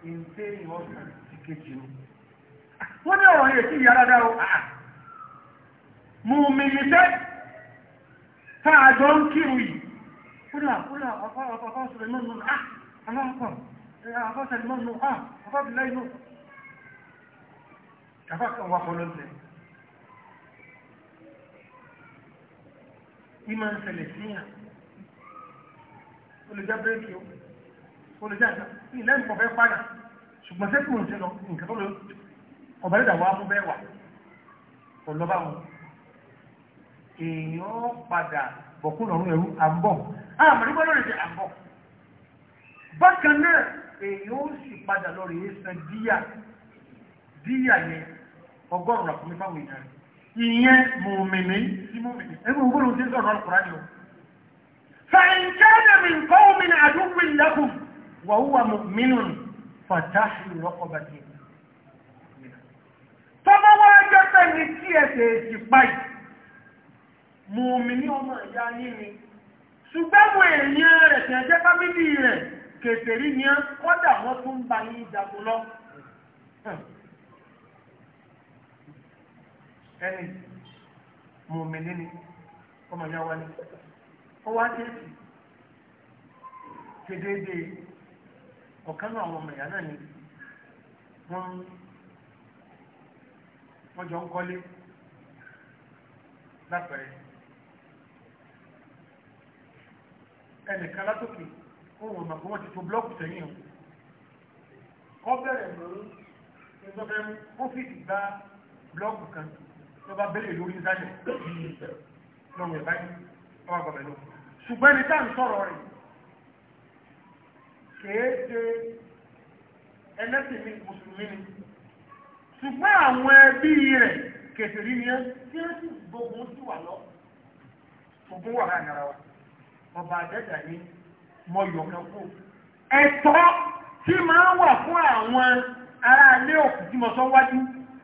ìǹtẹ́ ìwọ̀n ti kejì ní wọ́n ní ọ̀rọ̀ yẹn sí ìyá rárá o mú mi ní sẹ́ táà jọ ń kírun yìí kúrò kúrò ọ̀fọ́ ọ̀fọ́ ọ̀fọ́ sọ̀rọ̀ mọ́nù ah aláàkọ̀ ọ̀fọ́ sọ̀rọ̀ mọ́nù ah ọ̀fọ́ bìláì nù kàfà kan wà fọlọ́ntẹ̀ ìmọ̀ ń ṣẹlẹ̀ sí yàn olùjẹ́ bírèkì o olùjẹ́ àgbà ilẹ̀ nǹkan fẹ́ pààyàn ṣùgbọ́n sẹ́kù ń ṣe lọ nǹkan tó lọ ọ̀bẹ lẹ́dà wà mú bẹ́ẹ̀ wà ọ̀lọ́bà wọn èèyàn padà bọ̀kún lọ́rùn ẹ̀rú àbọ̀ àmọ́ nígbà lórí ṣe àbọ̀ bákan náà èèyàn ó sì padà lórí ẹ̀sán díyà díyà yẹn ọgọ́rùn-ún àkùnrin fáwọn èèyàn ìyẹn mùmìnì sí mùmìnì ẹgbùn gbọ́nà tí sọ̀rọ̀ ọ̀pùrádì o fàìkẹ́lẹ̀ mi kọ́ omi ní àdúgbò ìlẹ́kùn wà wúwà mùmínù fàtàṣì rọ́kọ̀bàtì tọ́bọ́ wá jẹ́ tẹ́ni tí ẹ̀sẹ̀ èsì páì mùmìnì ọmọ ìyá yìí ṣùgbọ́n kọ́dà wọ́n tún bá yín jagun lọ ẹni mùmìnì ni ọmọ ìyá wa ni ó wá déètì kedede ọ̀kan náà àwọn ọmọ ìyá náà ni wọ́n wọ́n jọ ń kọ́lé lápẹ̀rẹ̀ ẹnìkan látòkè ohun ọ̀nà kó wọ́n ti to blọ́ọ̀kù sẹ́yìn o wọ́n bẹ̀rẹ̀ mọ́ ẹgbẹ́ fẹ́ mú ó fìdí gba blọ́ọ̀kù kan tó ló bá bẹ̀rẹ̀ lórí ìsàlẹ̀ lọ́wọ́ ìbáyìí ọwọ́ àgbàbẹ̀ lọ ṣùgbọ́n ní tá à ń sọ̀rọ̀ rẹ̀ kèé ṣe ẹlẹ́sìn mi mùsùlùmí ni ṣùgbọ́n àwọn ẹbí rẹ̀ kẹsìrí ni ẹ tí ó sì gbogbo sí wà lọ ogún wà láàrin ara wa ọba àjẹjà ni mo yọ̀ kan kú ẹ̀tọ́ tí máa ń wà fún àwọn ará ilé tí mo sọ wájú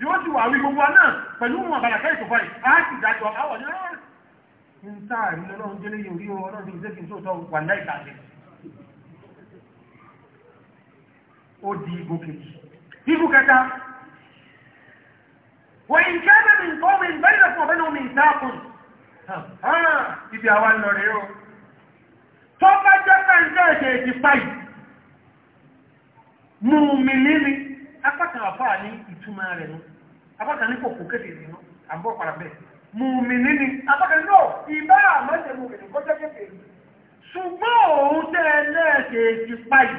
yóò ti wà wí gbogbo náà pẹ̀lú ah, wọn àbàlàkà ìtòfà yìí á sì dájọ àwọ̀ ní ọ̀rọ̀ ní sáàrí lọ́rùn délé yìí orí ọlọ́run ní ìdẹ́kìn tó tọ́ wà láì tàbí ó di igbó kejì igbó kẹta wọ́n yìí kẹ́ bẹ́ẹ̀ mi nǹkan omi ìgbẹ́lẹ̀ fún ọ̀bẹ́ni omi ìsáàkùn ibi àwa ń lọ rèé àfáà ní ìtumọ̀ rẹ̀ nù apákan ní kò kú kéde ìrìnnà àbọ̀ padà bẹ́ẹ̀ mùmìnì ni apákan náà ìbá àmọ́jẹ mùmìnì kọjá kéde ṣùgbọ́n òun tẹ́ ẹlẹ́ẹ̀kejì páyì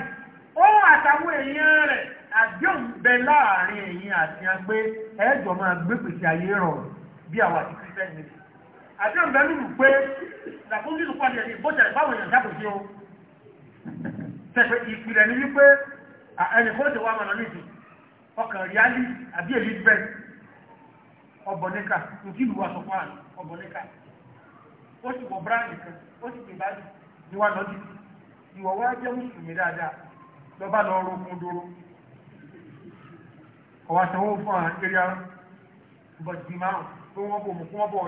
òun àtàwọn èèyàn rẹ̀ àdéhùn bẹ láàrin èyí àti agbé ẹ̀ẹ́jọ̀ máa gbé pèsè ayé rọrùn bí àwọn àti kírísítẹ́nì nìyí àdéhùn bẹ lùlù pé làkún nínú pàdé ẹni bọ́jà ìbáwọn èèyàn dábò sí o tẹ̀pẹ̀ ìpìlẹ̀ ni wípé ẹnì kó ti wá mọ̀ lọ nídìí ọkàn ríálì àbí èlí bẹ́ẹ̀ ọbọ̀nẹ́kà nke ìlú asọ̀pọ̀ àná ọbọ̀nẹ́kà ó sì wọ bíráàdì kan ó sì pè báyìí ní wà lọ́dí ìwọ̀ wá jẹ́ mùsùlùmí dáadáa lọba lọ rogun dúró ọwọ́ sanwó fún àwọn ẹ̀ríà bọ̀dì márùn tó wọ́n bò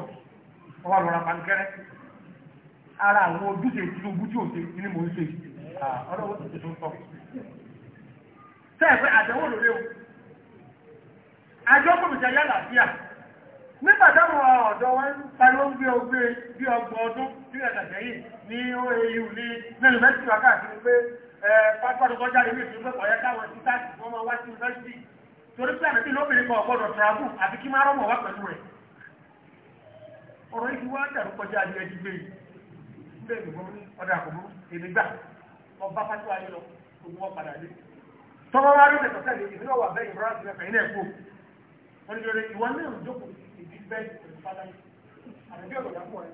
ara àwọn nígbà táwọn ọ̀dọ́ wọn pariwo gbé ogbé bí ọgbọ̀n ọdún tí ẹ̀dà sẹ́yìn ní oau ní yunifásitì wa káàkiri pé pápádọ́gbọ́já ilé ìṣúgbẹ́ ọ̀yẹ́ káwọn ti sáàtì wọn máa wá sí yunifásitì torí pé àmì lóbìnrin kan ọ̀gbọ́dọ̀ travel àti kí máa rọ́mọ̀ wá pẹ̀lú rẹ̀ ọ̀rọ̀ ìdíwọ́ àtàrú kọjá ní ẹdí gbé ilé ìgbìmọ̀ ní ọ̀dà àkọ́mú èmi gbà ọba pátó ayé lọ gbogbo wọn padà dé tọ́wọ́ wá rí ìfẹ̀tọ̀tẹ̀lẹ̀ ìfẹ́ bẹ́ẹ̀dì pẹ̀lú sátáì àdàbí ọ̀gọ̀dà pọ̀ ẹ̀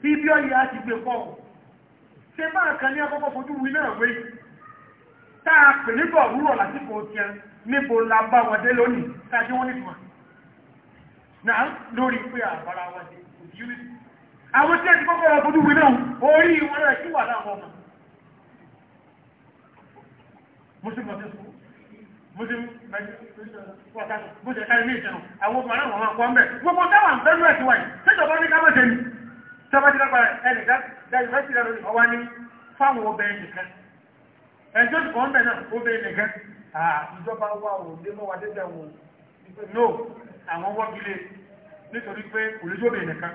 bí bí ọ̀yẹ́ á ti gbé pọ̀ ṣe máa kan ní akọ́kọ́ fojú wí náà wé tá a pè nígbà òwúrọ̀ lásìkò tiẹ̀ níbo la bá wọn dé lónìí ṣáájú wọn nìkan náà lórí pé àbára wọn dé òdì yúrí àwọn tí ẹ ti kọ́kọ́ fáwọn obìnrin nìkan ẹjọ́ ìkọ̀ ń bẹ̀ náà obìnrin nìkan ìjọba wà ò lé mọ́wà dédé wọn no àwọn wọ́gilé nítorí pé olójóbìnrin nìkan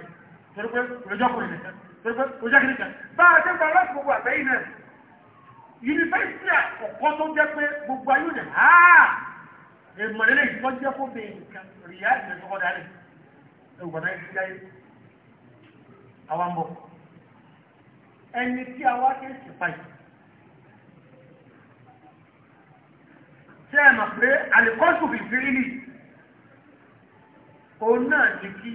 torí pé olójọ́kùnrin nìkan torí pé olójọ́kùnrin nìkan bá a ti gbà láti gbogbo àgbẹ̀yìn náà yunifásitì àkọ́kọ́ tó jẹ́ pé gbogbo ayé rẹ̀ á èèmọ̀ lélẹ̀ yìí wọ́n jẹ́ fún mi nǹkan rìá ìgbẹ́ tó kọ́dá rẹ̀ ẹ̀wọ̀n náà ti dáyé àwa ń bọ̀ ẹni tí a wá ké sì pa yìí tí ẹ mọ̀ pé àlìkọ́sù fìfìrí nì òun náà ní kí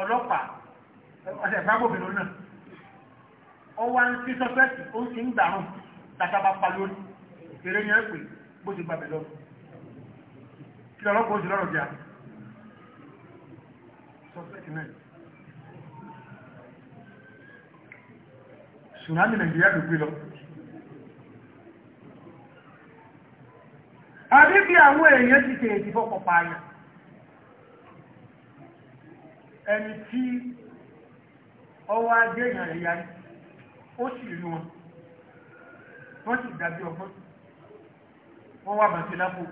ọlọ́pàá ọ̀sẹ̀ ìgbàgbọ́ náà ọwá ń tí sọ́fẹ́tì ó ń ti ń gbà hàn tàṣàbà pa lórí èrè ní ẹ̀pẹ̀ bó ti gbàbẹ̀ lọ kí ọlọ́pàá oṣù lọ́rọ̀ bíà sọ́fẹ́tì náà tsunami nàìjíríà ló gbé lọ àbí bí àwọn ti tèrè ẹni tí ọwọ́ ajé èèyàn rẹ̀ ó sì rí wọn wọ́n sì dàbí ọgbọ́n wọ́n wá bàtí lápò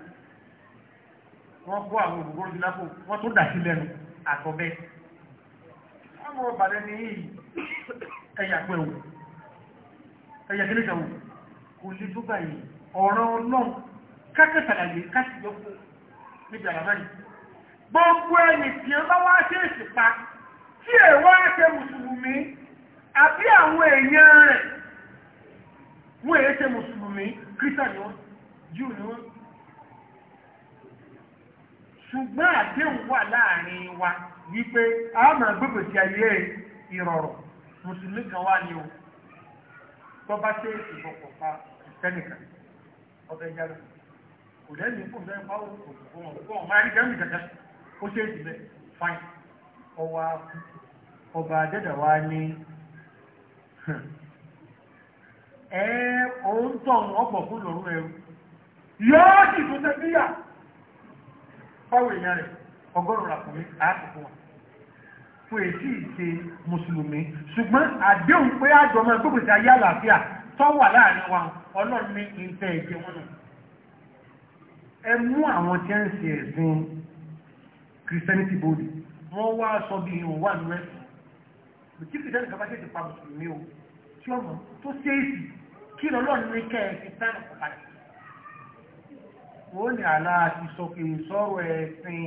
wọ́n kó àwọn òbúgbó sí lápò wọ́n tó dà sí lẹ́nu àtọ̀bẹ́ ọmọ ọbàdẹ ní ẹ̀yà pẹ̀wò ẹ̀yà kílẹ̀ ìjàwó kò lè tó báyìí ọ̀rọ̀ ọlọ́run kákẹ́sàlàyé káṣìyọ́kó níbi àlàmárì gbogbo ẹni tí ó bá wá ṣe èsì pa tí ẹ̀ wá ṣe mùsùlùmí àbí àwọn èèyàn rẹ̀ wọ́n èyí ṣe mùsùlùmí kírísà ni wọ́n jù ni wọ́n ṣùgbọ́n wa wípé a máa gbogbo ti ayé ìrọ̀rọ̀ mùsùlùmí kan wá ní o tó bá ṣe ìbọ̀pọ̀ pa kìtẹ́nìkan ọbẹ̀ yára kò lẹ́yìn fún bẹ́ẹ̀ bá òkú òkú ọmọ kankan ó ṣe fáìn ọwọ́ ọba àdẹ́dàwá ní *laughs* ẹ òun tọ̀ ọ̀pọ̀ fún lọ́rùn ẹrú yóò sì tó tẹ́ bíyà fáwọn èèyàn rẹ̀ ọgọ́rùn-ún ràkùnrin àákùkù wọn fún èsì ìṣe mùsùlùmí ṣùgbọ́n àdéhùn pé àjọ máa gbogbo ìṣe ayé àlàáfíà tó wà láàrin wa ọlọ́run ní ìtẹ́ ẹ̀jẹ̀ wọn nù ẹ mú àwọn tí ń ṣe ẹ̀sìn kìrìsìtẹ́nìtì bòdì wọ́n wá sọ bí ìhùn wà nínú ẹ̀sìn kí kìtẹ́nì kan bá ṣe ti pa mùsùlùmí o tí ọmọ tó ṣéèsì kí lọ́lọ́run ní kẹ́ ẹ fi tán ọ̀padà. ó ní àlá àti sọkè sọ̀rọ̀ ẹ̀sìn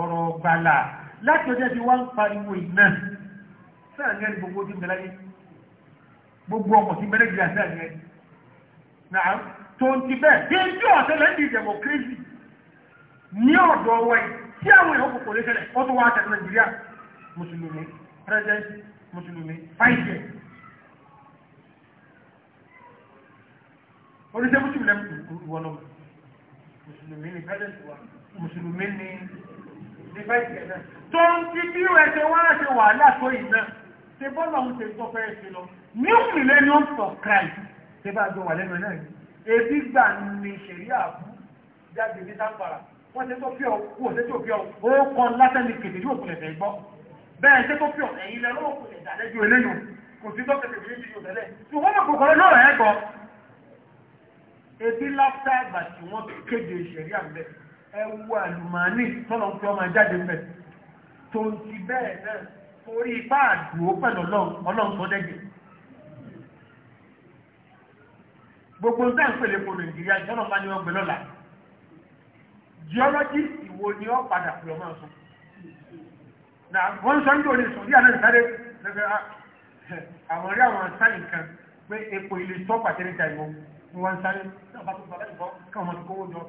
ọ̀rọ̀ gbàlà láti ọjọ́ ti wá ń pariwo ìná sáà ní ẹni gbogbo ojú ń bẹ láyé gbogbo ọmọ sí mẹ́rẹ́ gíga sáà ní ẹni. náà tó ń ti bẹ́ẹ̀ bí ojú ọ̀sẹ̀ lẹ́ndì democracy ní ọ̀dọ̀ wa yìí tí àwọn èèyàn kò kò lè ṣẹlẹ̀ president mùsùlùmí five years oníṣẹ́ mùsùlùmí ìwọ náà mùsùlùmí ni president wa mùsùlùmí ni ní five years náà tó ń fi bí ẹsẹ̀ wọn á ṣe wàhálà tó yìí náà ṣe bọ́ọ̀lù ọ̀hún ṣe tọ́fẹ́ ẹ̀ṣẹ̀ lọ new millennium of Christ ṣe bá a jọ wà lẹ́nu náà yìí gbà ní ṣẹ̀ríà jáde ní sáfàrà wọ́n ṣe tó fi ọ̀ kú òṣèṣe òfin ọ̀ ó kọ́ látẹ́ni kèdè yóò kúlẹ̀ fẹ́ gbọ́ bẹ́ẹ̀ ṣe tó pìọ̀ ẹ̀yìn ilẹ̀ lọ́wọ́ kò lè dàlẹ́jù eléyò kò sí dókè tètè níbi yóò tẹ́lẹ̀ tí wọ́n mọ̀ kòkòrò lọ́rọ̀ ẹ̀ gbọ́ ebi láfẹ́ àgbà tí wọ́n kéde ìṣẹ̀rí àgbẹ̀ ẹ wo àlùmọ́ọ́nì tọ́lọ̀ fi ọmọ jáde mẹ́ tó ń ti bẹ́ẹ̀ náà torí ipá àdúró pẹ̀lú ọlọ́run tó dẹ́gẹ̀ gbogbo ń sẹ́yìn pèlè po nàìjíríà ìjọba bá ní ọgbẹ́ lọ́la geology ìwo ni ọ padà pè ọmọ ọ̀sán wọ́n sọ nítorí sòdí àdáni sáré lẹ́gbẹ́ ah, àwọn rí àwọn sáyìn kan pé epo ilé tọ́ pàtẹ́rẹ́ ìta ìwọ ni wọ́n sáré káwọn kówó jọ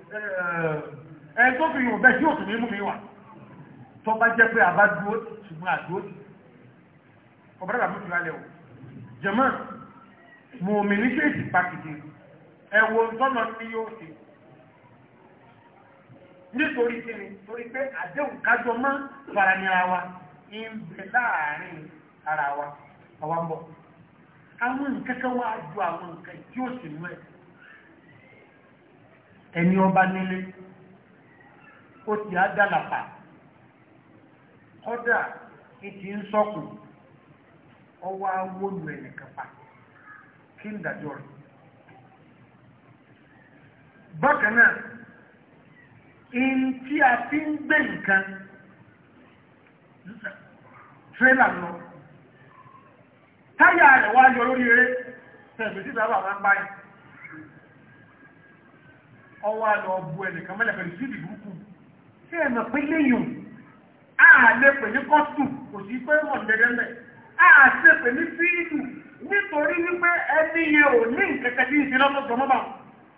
ẹ tó fi yùn bẹ́ẹ̀ tí yóò tún ní mú mi wà tó bá jẹ́ pé àbá dúró ṣùgbọ́n àdúró ọ̀bọ̀dá làmú ti lálẹ́ o jẹ̀mọ́ mọ̀ọ́mì ní kéèsì pàkìtì ẹ̀wọ̀n tọ́nà ní yóò ṣe nítorí kí ni torí pé àdéhùn kájọ mọ́ faranira wa ń bẹ láàrin ara wa àwa ń àwọn nǹkan kan wá ju àwọn nǹkan tí ó sì mú ẹ ti á dálàpà ìtì ń sọ́kùn ọwọ́ awólu ẹnìkan kí ń in tí a fi ń gbé nǹkan trailer lọ táyà rẹ̀ wá yọ lórí eré tẹ̀gbẹ̀ sí ìdáwà máa ń báyìí ọwọ́ àlọ́ ọbú ẹnìkan mẹ́lẹ̀ pẹ̀lú sí ìdìbùkù sí ẹ̀mọ̀ pé léyìn ààlẹ́ pè ní kọ́tù kò sí pé mọ̀ lẹ́gẹ́lẹ̀ ààṣẹ́ pè ní fíìdù nítorí wípé ẹni yẹn ò ní nǹkan kẹtí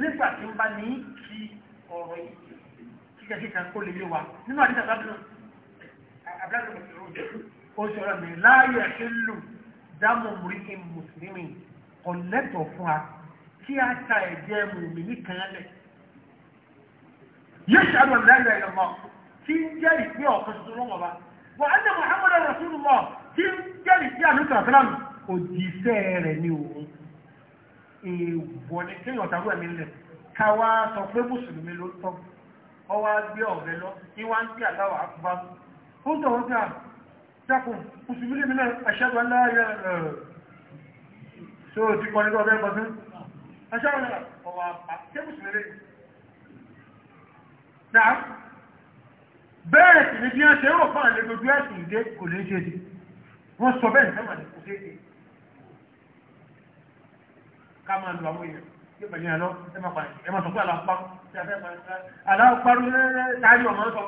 nígbà tí ń bá ní kí ọ̀rọ̀ kíkẹ́kíkà kó lè yíwa nínú àdíjà sábìlì oṣù ọ̀rọ̀ mi láàyè ṣílù dámù mùríkì mùsùlùmí ọ̀lẹ́tọ̀ fún a kí a ta ẹ̀jẹ̀ mùmí ní kanlẹ̀ yóò ṣàbọ̀ láàyè ìlọ́mọ tí ń jẹ́ ìpín ọ̀kan tuntun lọ́wọ́ bá èèwọ̀ ni kí èèyàn tàbí ẹ̀mí lẹ̀ ká wá sọ pé mùsùlùmí ló tọ́ ọ wá gbé ọ̀rẹ́ lọ ní wá ń gbé aláwọ̀ àkùbá ó tọ̀ wọ́n gbà dákun mùsùlùmí lèmi náà o ti kọ́ nígbà ọ̀rẹ́ ẹ̀kọ́ sí aṣáájú ọ̀wà àti mùsùlùmí náà bẹ́ẹ̀ sì ni bí wọ́n ṣe rò fún àlejò bí ẹ̀sùn ìdé kò lè ṣe wọ́n sọ bẹ́ẹ̀ sẹ́wọ̀n ní kò ṣe é ká máa lu àwọn èèyàn yóò pẹ̀lú ìyànà ẹ máa pààyàn ẹ máa sọ pé àlàáfáà tí a fẹ́ pààyàn àlàáfáà táyé ọmọ sọ.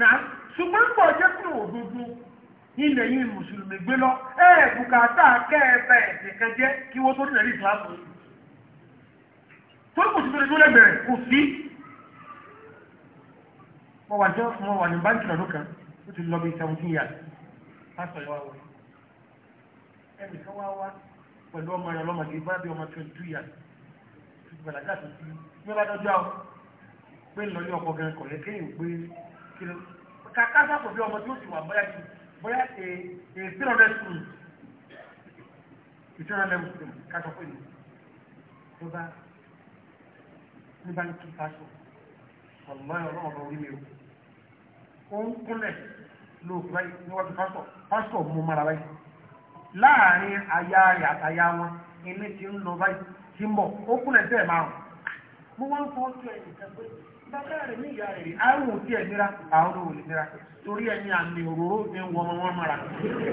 nà ṣùgbọ́n pọ̀ jẹ́ pé òdodo ilẹ̀ yìí mùsùlùmí gbé lọ ẹ̀ bùkátà kẹ́ẹ̀bẹ̀ nìkan jẹ́ kí wọ́n tó ní ẹ̀rí ìsìlámù yìí. tó kù sí tó lẹ́gbẹ̀rẹ̀ kò sí. mo wà jọ mo wà ní báńkì lọ́dún kan ó ti lọ bí seventeen years. pásítọ̀ yọ wá wọ ẹnìkan wá wá pẹ̀lú ọmọ rẹ̀ lọ́mọdé bá bí ọmọ twenty two years gbàdágà tó ti ní bá dọ́jọ́ àwọn pé ń lọ ní ọkọ̀ gan kọ̀lẹ́ kéyìn pé kiri kàkà sápò bí ọmọ tí ó sì wà bóyá ti bóyá ti ti three hundred schools ìtura level school pé ló bá ní bá ń kí fásitì ọ̀nà ọlọ́run orí mi o ó ń kúnlẹ̀ lóògùn báyìí níwájú pásítọ̀ pásítọ̀ mú mara báyìí láàrin aya rẹ̀ àtàyà wọn ẹni tí ń lọ báyìí tí ń bọ̀ ó kún ẹ̀sẹ̀ márùn mo wọ́n fọ́ sí ẹ̀yìn kan pé bàbá rẹ̀ ní ìyá rẹ̀ àwọn òtí ẹ̀ nira àwọn òwò lè nira torí ẹni àmì òróró ní wọn ọmọ wọn mara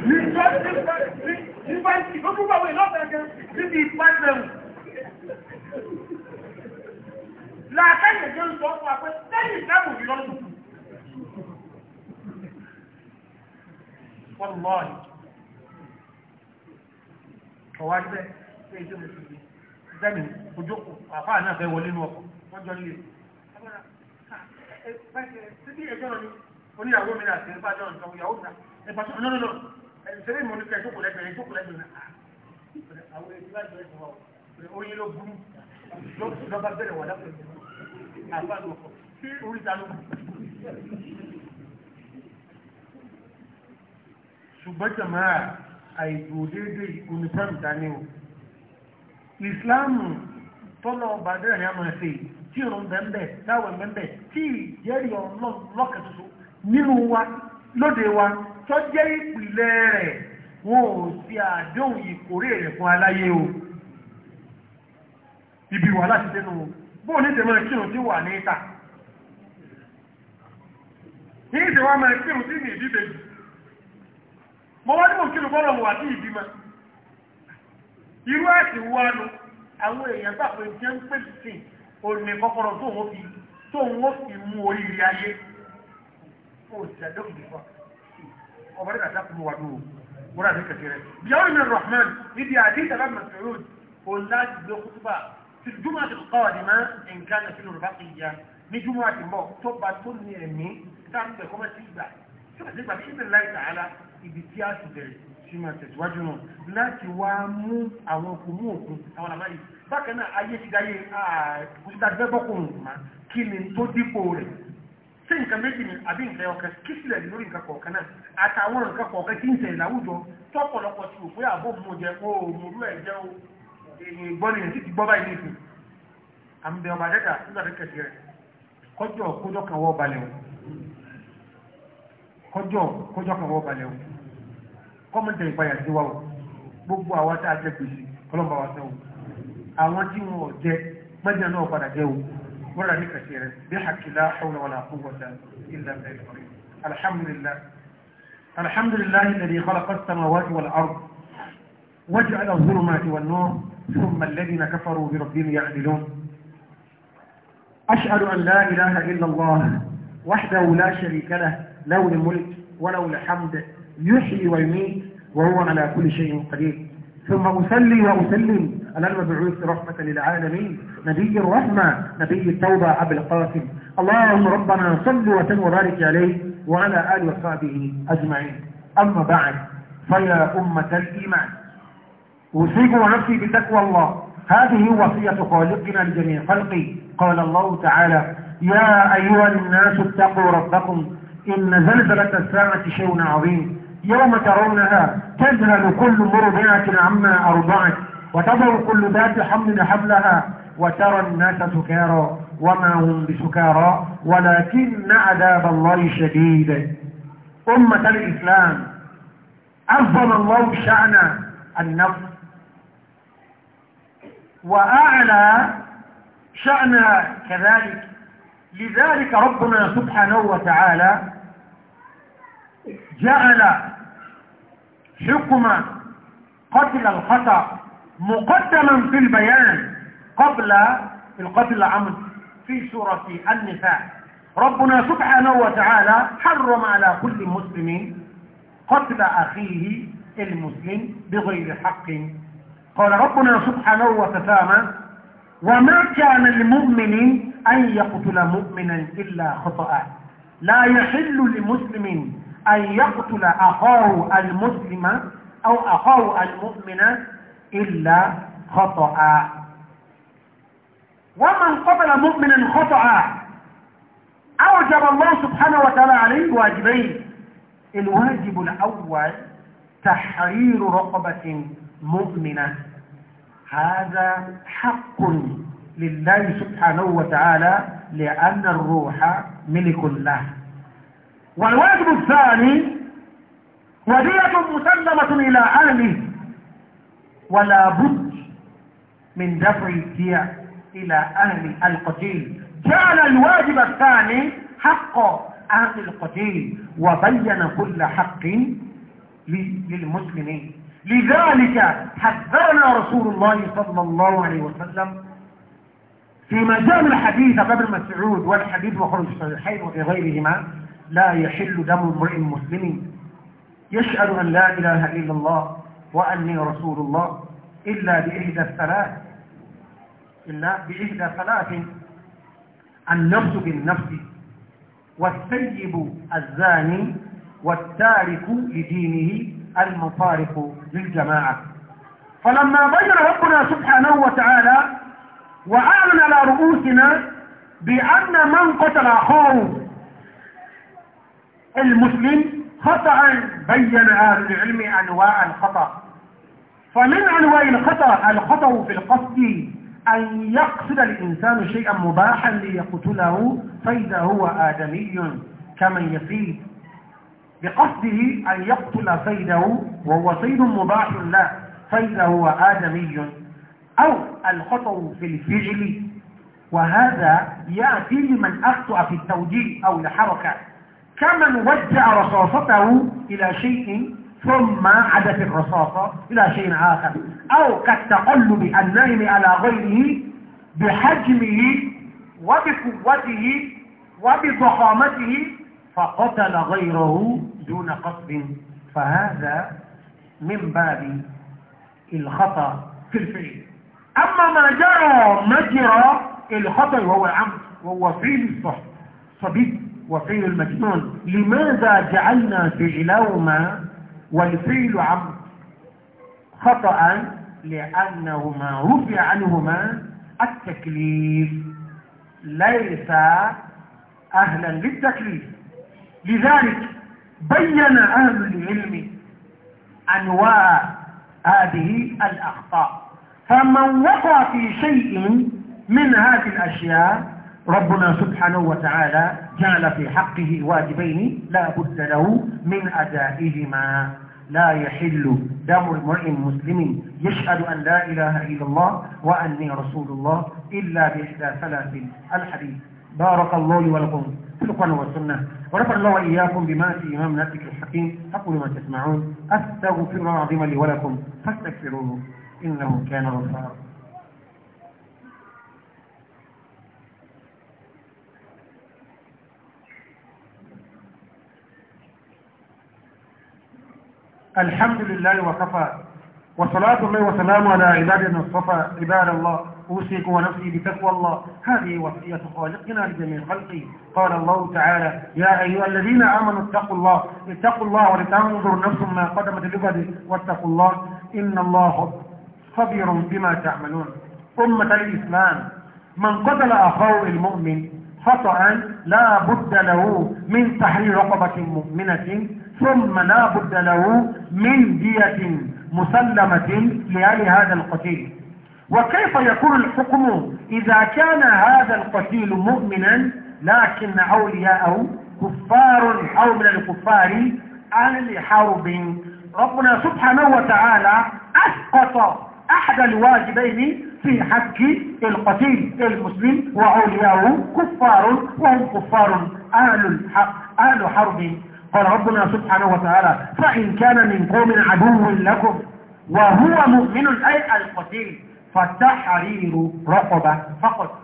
nígbà tí nígbà tí ó tún bàwẹ̀ lọ́fẹ̀ẹ́ gan níbi ìpàdánù làákàyè jẹ́ ń sọ fún wa pé lẹ́yìn ìdáàbò yìí lọ́dún. wọ́n lọ́ọ̀yì ọ̀wá níbẹ̀ pé ìṣe mo ti di ìdáni ojókòó àfáà náà fẹ́ wọlé inú ọkọ̀ wọ́n jọ nílé. títí ẹjọ́ ni oníyàwó mi náà ṣe ń bá jọ nǹkan ìyàwó mi náà ẹ̀ pàṣẹ ọ̀nà nínú ìṣeré ìmọ̀ nípa ìjókòó lẹ́gbẹ̀ẹ́ ìjókòó lẹ́gbẹ̀ẹ́ àwọn èdè láti ẹ̀sìn ṣùgbọ́n jàmáà àìdòdédé ìpinnu sáàmù dání o ìsìláàmù tọ́lọ ọba dẹ́rẹ̀ àmà ṣe tí ìrùn bẹ́ẹ̀ láwẹ̀ bẹ́ẹ̀ tí ìjẹ́rìí ọ̀run lọ́kẹ̀ nínú wa lóde wa tó jẹ́ ìpìlẹ̀ rẹ̀ ò sí àdéhùn ìkórè rẹ̀ fún aláyé o ibi wà láti o ní tí wà ní ìta ní mọ́ wọ́n ní mò ń kí ló bọ́lọ̀ wà ní ìbímọ irú àti wánu àwọn èèyàn gbà pé jẹ́ ń pè sí òní kọ́kọ́rọ́ tó wọ́n fi tó wọ́n fi mú oríire ayé ó sì àdókìtì fún ọmọ rẹ̀ kàtà kúrò wà lóò wọ́n rà ní kẹ̀kẹ́rẹ́ bí àwọn ìmọ̀ rahman níbi àdéhìí tàbí masoud òun láti gbé kútúbà ti júmọ̀ àti qadima nǹkan àti yorùbá kì í ya ní júmọ̀ àti mọ̀ tó bá tó ní ẹ̀mí táà ibi tí a ti bẹ̀rẹ̀ sí máa tẹ̀síwájú náà láti wá mú àwọn okùn mú òkun àwọn àbáyé bákan náà ayé ti dáyé ààrẹ̀kùsítàgbẹ́gbọ́kùnrin mà kí ni tó dípò rẹ̀ sí nǹkan méjì ni àbí nǹkan ọ̀kan kí sílẹ̀ lórí nǹkan kọ̀ọ̀kan náà àtàwọn nǹkan kọ̀ọ̀kan tí ń tẹ̀ láwùjọ tọ́pọ̀lọpọ̀ ti òfin àbò mú jẹ o mú rú ẹ̀ jẹ́ o èyìn ìgbọ́ni ẹ̀ sì ti gbọ́ báyìí nìkan àmì ọba dẹ́ta nígbà tó kẹsì rẹ̀ kọjọ́ kójọ́ kan wọ́ balẹ̀ o kọjọ́ kójọ́ kan wọ́ balẹ̀ o kọ́mọ̀tẹ̀ ìpayà sí wa o gbogbo àwọn tá a jẹ gbèsè kọlọ́mbà wa sẹ́wọ̀ àwọn tí wọn ò mẹ́jọ náà padà jẹ́ wọ́n rà ní kàṣẹ rẹ̀ bí hakila hawla wala quwwata ثم الذين كفروا بربهم يعدلون أشهد أن لا إله إلا الله وحده لا شريك له له الملك وله الحمد يحيي ويميت وهو على كل شيء قدير ثم أسلي وأسلم على المبعوث رحمة للعالمين نبي الرحمة نبي التوبة أبي القاسم اللهم ربنا صل وسلم وبارك عليه وعلى آله وصحبه أجمعين أما بعد فيا أمة الإيمان أوصيك ونفسي بتقوى الله هذه وصية خالقنا لجميع خلقه قال الله تعالى يا أيها الناس اتقوا ربكم إن زلزلة الساعة شيء عظيم يوم ترونها تذهل كل مرضعة عما أرضعت وتضع كل ذات حمل حملها وترى الناس سكارى وما هم بسكارى ولكن عذاب الله شديد أمة الإسلام عظم الله شأن النفس وأعلى شأن كذلك لذلك ربنا سبحانه وتعالى جعل حكم قتل الخطأ مقدما في البيان قبل القتل العمد في سورة النساء ربنا سبحانه وتعالى حرم على كل مسلم قتل أخيه المسلم بغير حق قال ربنا سبحانه وتعالى وما كان لمؤمن أن يقتل مؤمنا إلا خطأ لا يحل لمسلم أن يقتل أخاه المسلم أو أخاه المؤمن إلا خطأ ومن قتل مؤمنا خطأ أوجب الله سبحانه وتعالى عليه واجبين الواجب الأول تحرير رقبة مؤمنة هذا حق لله سبحانه وتعالى لأن الروح ملك الله والواجب الثاني ودية مسلمة إلى أهله ولا بد من دفع الدية إلى أهل القتيل جعل الواجب الثاني حق أهل القتيل وبين كل حق للمسلمين لذلك حذرنا رسول الله صلى الله عليه وسلم في مجال الحديث قبل مسعود والحديث وخرج الصحيحين وفي غيرهما لا يحل دم امرئ مسلم يشهد أن لا إله إلا الله وأني رسول الله إلا بإحدى الثلاث إلا بإحدى ثلاث النفس بالنفس والثيب الزاني والتارك لدينه المفارق للجماعة فلما بين ربنا سبحانه وتعالى وعلن على رؤوسنا بأن من قتل أخاه المسلم خطأ بين أهل العلم أنواع الخطأ فمن أنواع الخطأ الخطأ في القصد أن يقصد الإنسان شيئا مباحا ليقتله فإذا هو آدمي كمن يصيد بقصده أن يقتل صيده وهو صيد مباح له فإذا هو آدمي أو الخطأ في الفعل وهذا يأتي لمن أخطأ في التوجيه أو الحركة كمن وجع رصاصته إلى شيء ثم عدت الرصاصة إلى شيء آخر أو كالتقلب النائم على غيره بحجمه وبقوته وبضخامته فقتل غيره دون قصد فهذا من باب الخطأ في الفعل أما ما جرى مجرى الخطأ وهو العمد وهو فعل صبيب وفعل المجنون لماذا جعلنا فعلهما والفعل عمد خطأ لأنهما رفع عنهما التكليف ليس أهلا للتكليف لذلك بين أهل العلم أنواع هذه الأخطاء فمن وقع في شيء من هذه الأشياء ربنا سبحانه وتعالى جعل في حقه واجبين لا بد له من أدائهما لا يحل دم المرء مسلم يشهد أن لا إله إلا الله وأني رسول الله إلا بإحدى ثلاث الحديث بارك الله لي ولكم في القرآن والسنة ورفع الله وإياكم بما في إمام الذكر الحكيم أقول ما تسمعون أستغفر الله العظيم لي ولكم فاستغفروه إنه كان غفارا الحمد لله وكفى وصلاة الله وسلام على عبادنا الصفى عباد الله أوصيكم ونفسي بتقوى الله هذه وصية خالقنا لجميع خلقه قال الله تعالى يا أيها الذين آمنوا اتقوا الله اتقوا الله ولتنظر نفس ما قدمت لبد واتقوا الله إن الله خبير بما تعملون أمة الإسلام من قتل أخوه المؤمن خطأ لا بد له من تحرير رقبة مؤمنة ثم لا بد له من دية مسلمة لأهل هذا القتيل وكيف يكون الحكم إذا كان هذا القتيل مؤمنا لكن أولياءه كفار أو من الكفار أهل حرب ربنا سبحانه وتعالى أسقط أحد الواجبين في حق القتيل المسلم وأولياءه كفار وهم كفار أهل, أهل حرب قال ربنا سبحانه وتعالى فإن كان من قوم عدو لكم وهو مؤمن أي القتيل فالتحرير رقبة فقط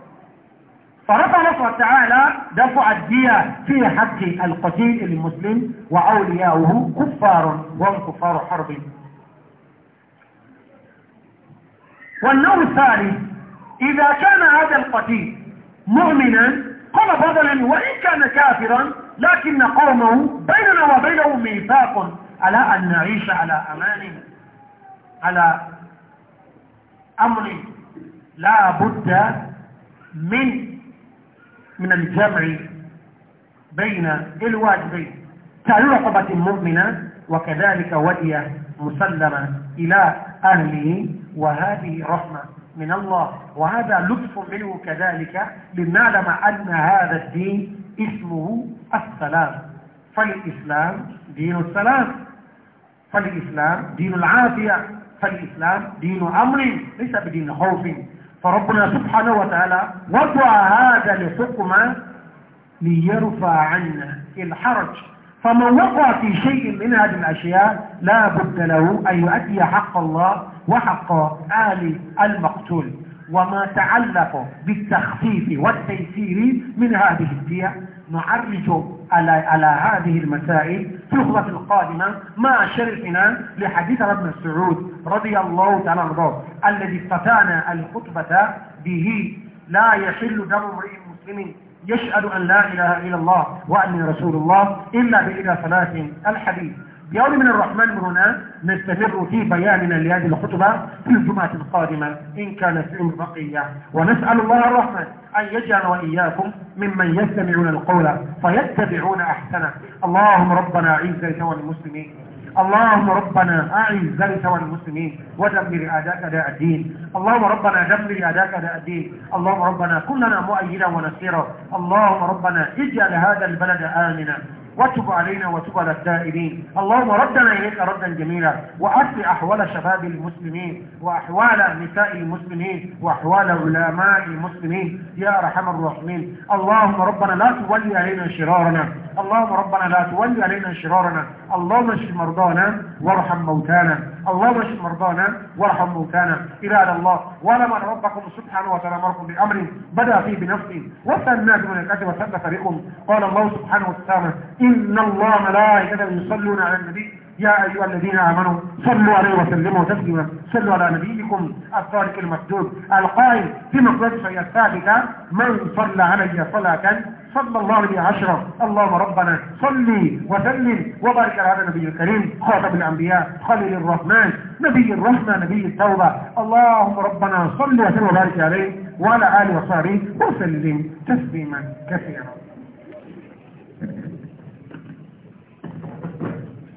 فرفع الله تعالى دفع الدية في حق القتيل المسلم وأولياؤه كفار وهم كفار حرب والنوع الثالث إذا كان هذا القتيل مؤمنا قال فضلا وإن كان كافرا لكن قومه بيننا وبينهم ميثاق على أن نعيش على أمان على أمر لا بد من من الجمع بين الواجبين كرقبة مؤمنة وكذلك ودية مسلمة إلى أهله وهذه رحمة من الله وهذا لطف منه كذلك لنعلم أن هذا الدين اسمه السلام فالإسلام دين السلام فالإسلام دين العافية فالإسلام دين أمر ليس بدين خوف فربنا سبحانه وتعالى وضع هذا الحكم ليرفع عنا الحرج فمن وقع في شيء من هذه الأشياء لا بد له أن يؤدي حق الله وحق آل المقتول وما تعلق بالتخفيف والتيسير من هذه الدية نعرج على على هذه المسائل في الخطبة القادمة مع شرفنا لحديث ابن سعود رضي الله تعالى عنه الذي افتتانا الخطبة به لا يحل دم امرئ مسلم يشهد أن لا إله إلا الله وأني رسول الله إلا بإلى ثلاث الحديث يوم يعني من الرحمن من هنا نستمر في بياننا لهذه الخطبة في الجمعة القادمة إن كان في بقية ونسأل الله الرحمن أن يجعل وإياكم ممن يستمعون القول فيتبعون أحسنه اللهم ربنا أعز لسوى المسلمين اللهم ربنا أعز لسوى المسلمين ودمر أعداءك أداء الدين اللهم ربنا دمر أعداءك أداء الدين اللهم ربنا كلنا مؤيدا ونصيرا اللهم ربنا اجعل هذا البلد آمنا وتب علينا وتب على الدائمين اللهم ردنا إليك ردا جميلا وأصل أحوال شباب المسلمين وأحوال نساء المسلمين وأحوال علماء المسلمين يا أرحم الراحمين اللهم ربنا لا تولي علينا شرارنا اللهم ربنا لا تولي علينا شرارنا اللهم اشف مرضانا وارحم موتانا اللهم اشف مرضانا وارحم موتانا إلى الله ولمن ربكم سبحانه وتعالى أمركم بأمر بدأ فيه بنفسه من الكاتب وثبت بكم قال الله سبحانه وتعالى إن الله ملائكته يصلون على النبي يا أيها الذين آمنوا صلوا عليه وسلموا تسليما صلوا على نبيكم الصادق المسدود القائل في مقلد شيء الثابتة من صلى علي صلاة صلى الله عليه عشرة اللهم ربنا صلي وسلم وبارك على هذا النبي الكريم خاتم الأنبياء خليل الرحمن نبي الرحمة نبي التوبة اللهم ربنا صلي وسلم وبارك عليه وعلى آله وصحبه وسلم تسليما كثيرا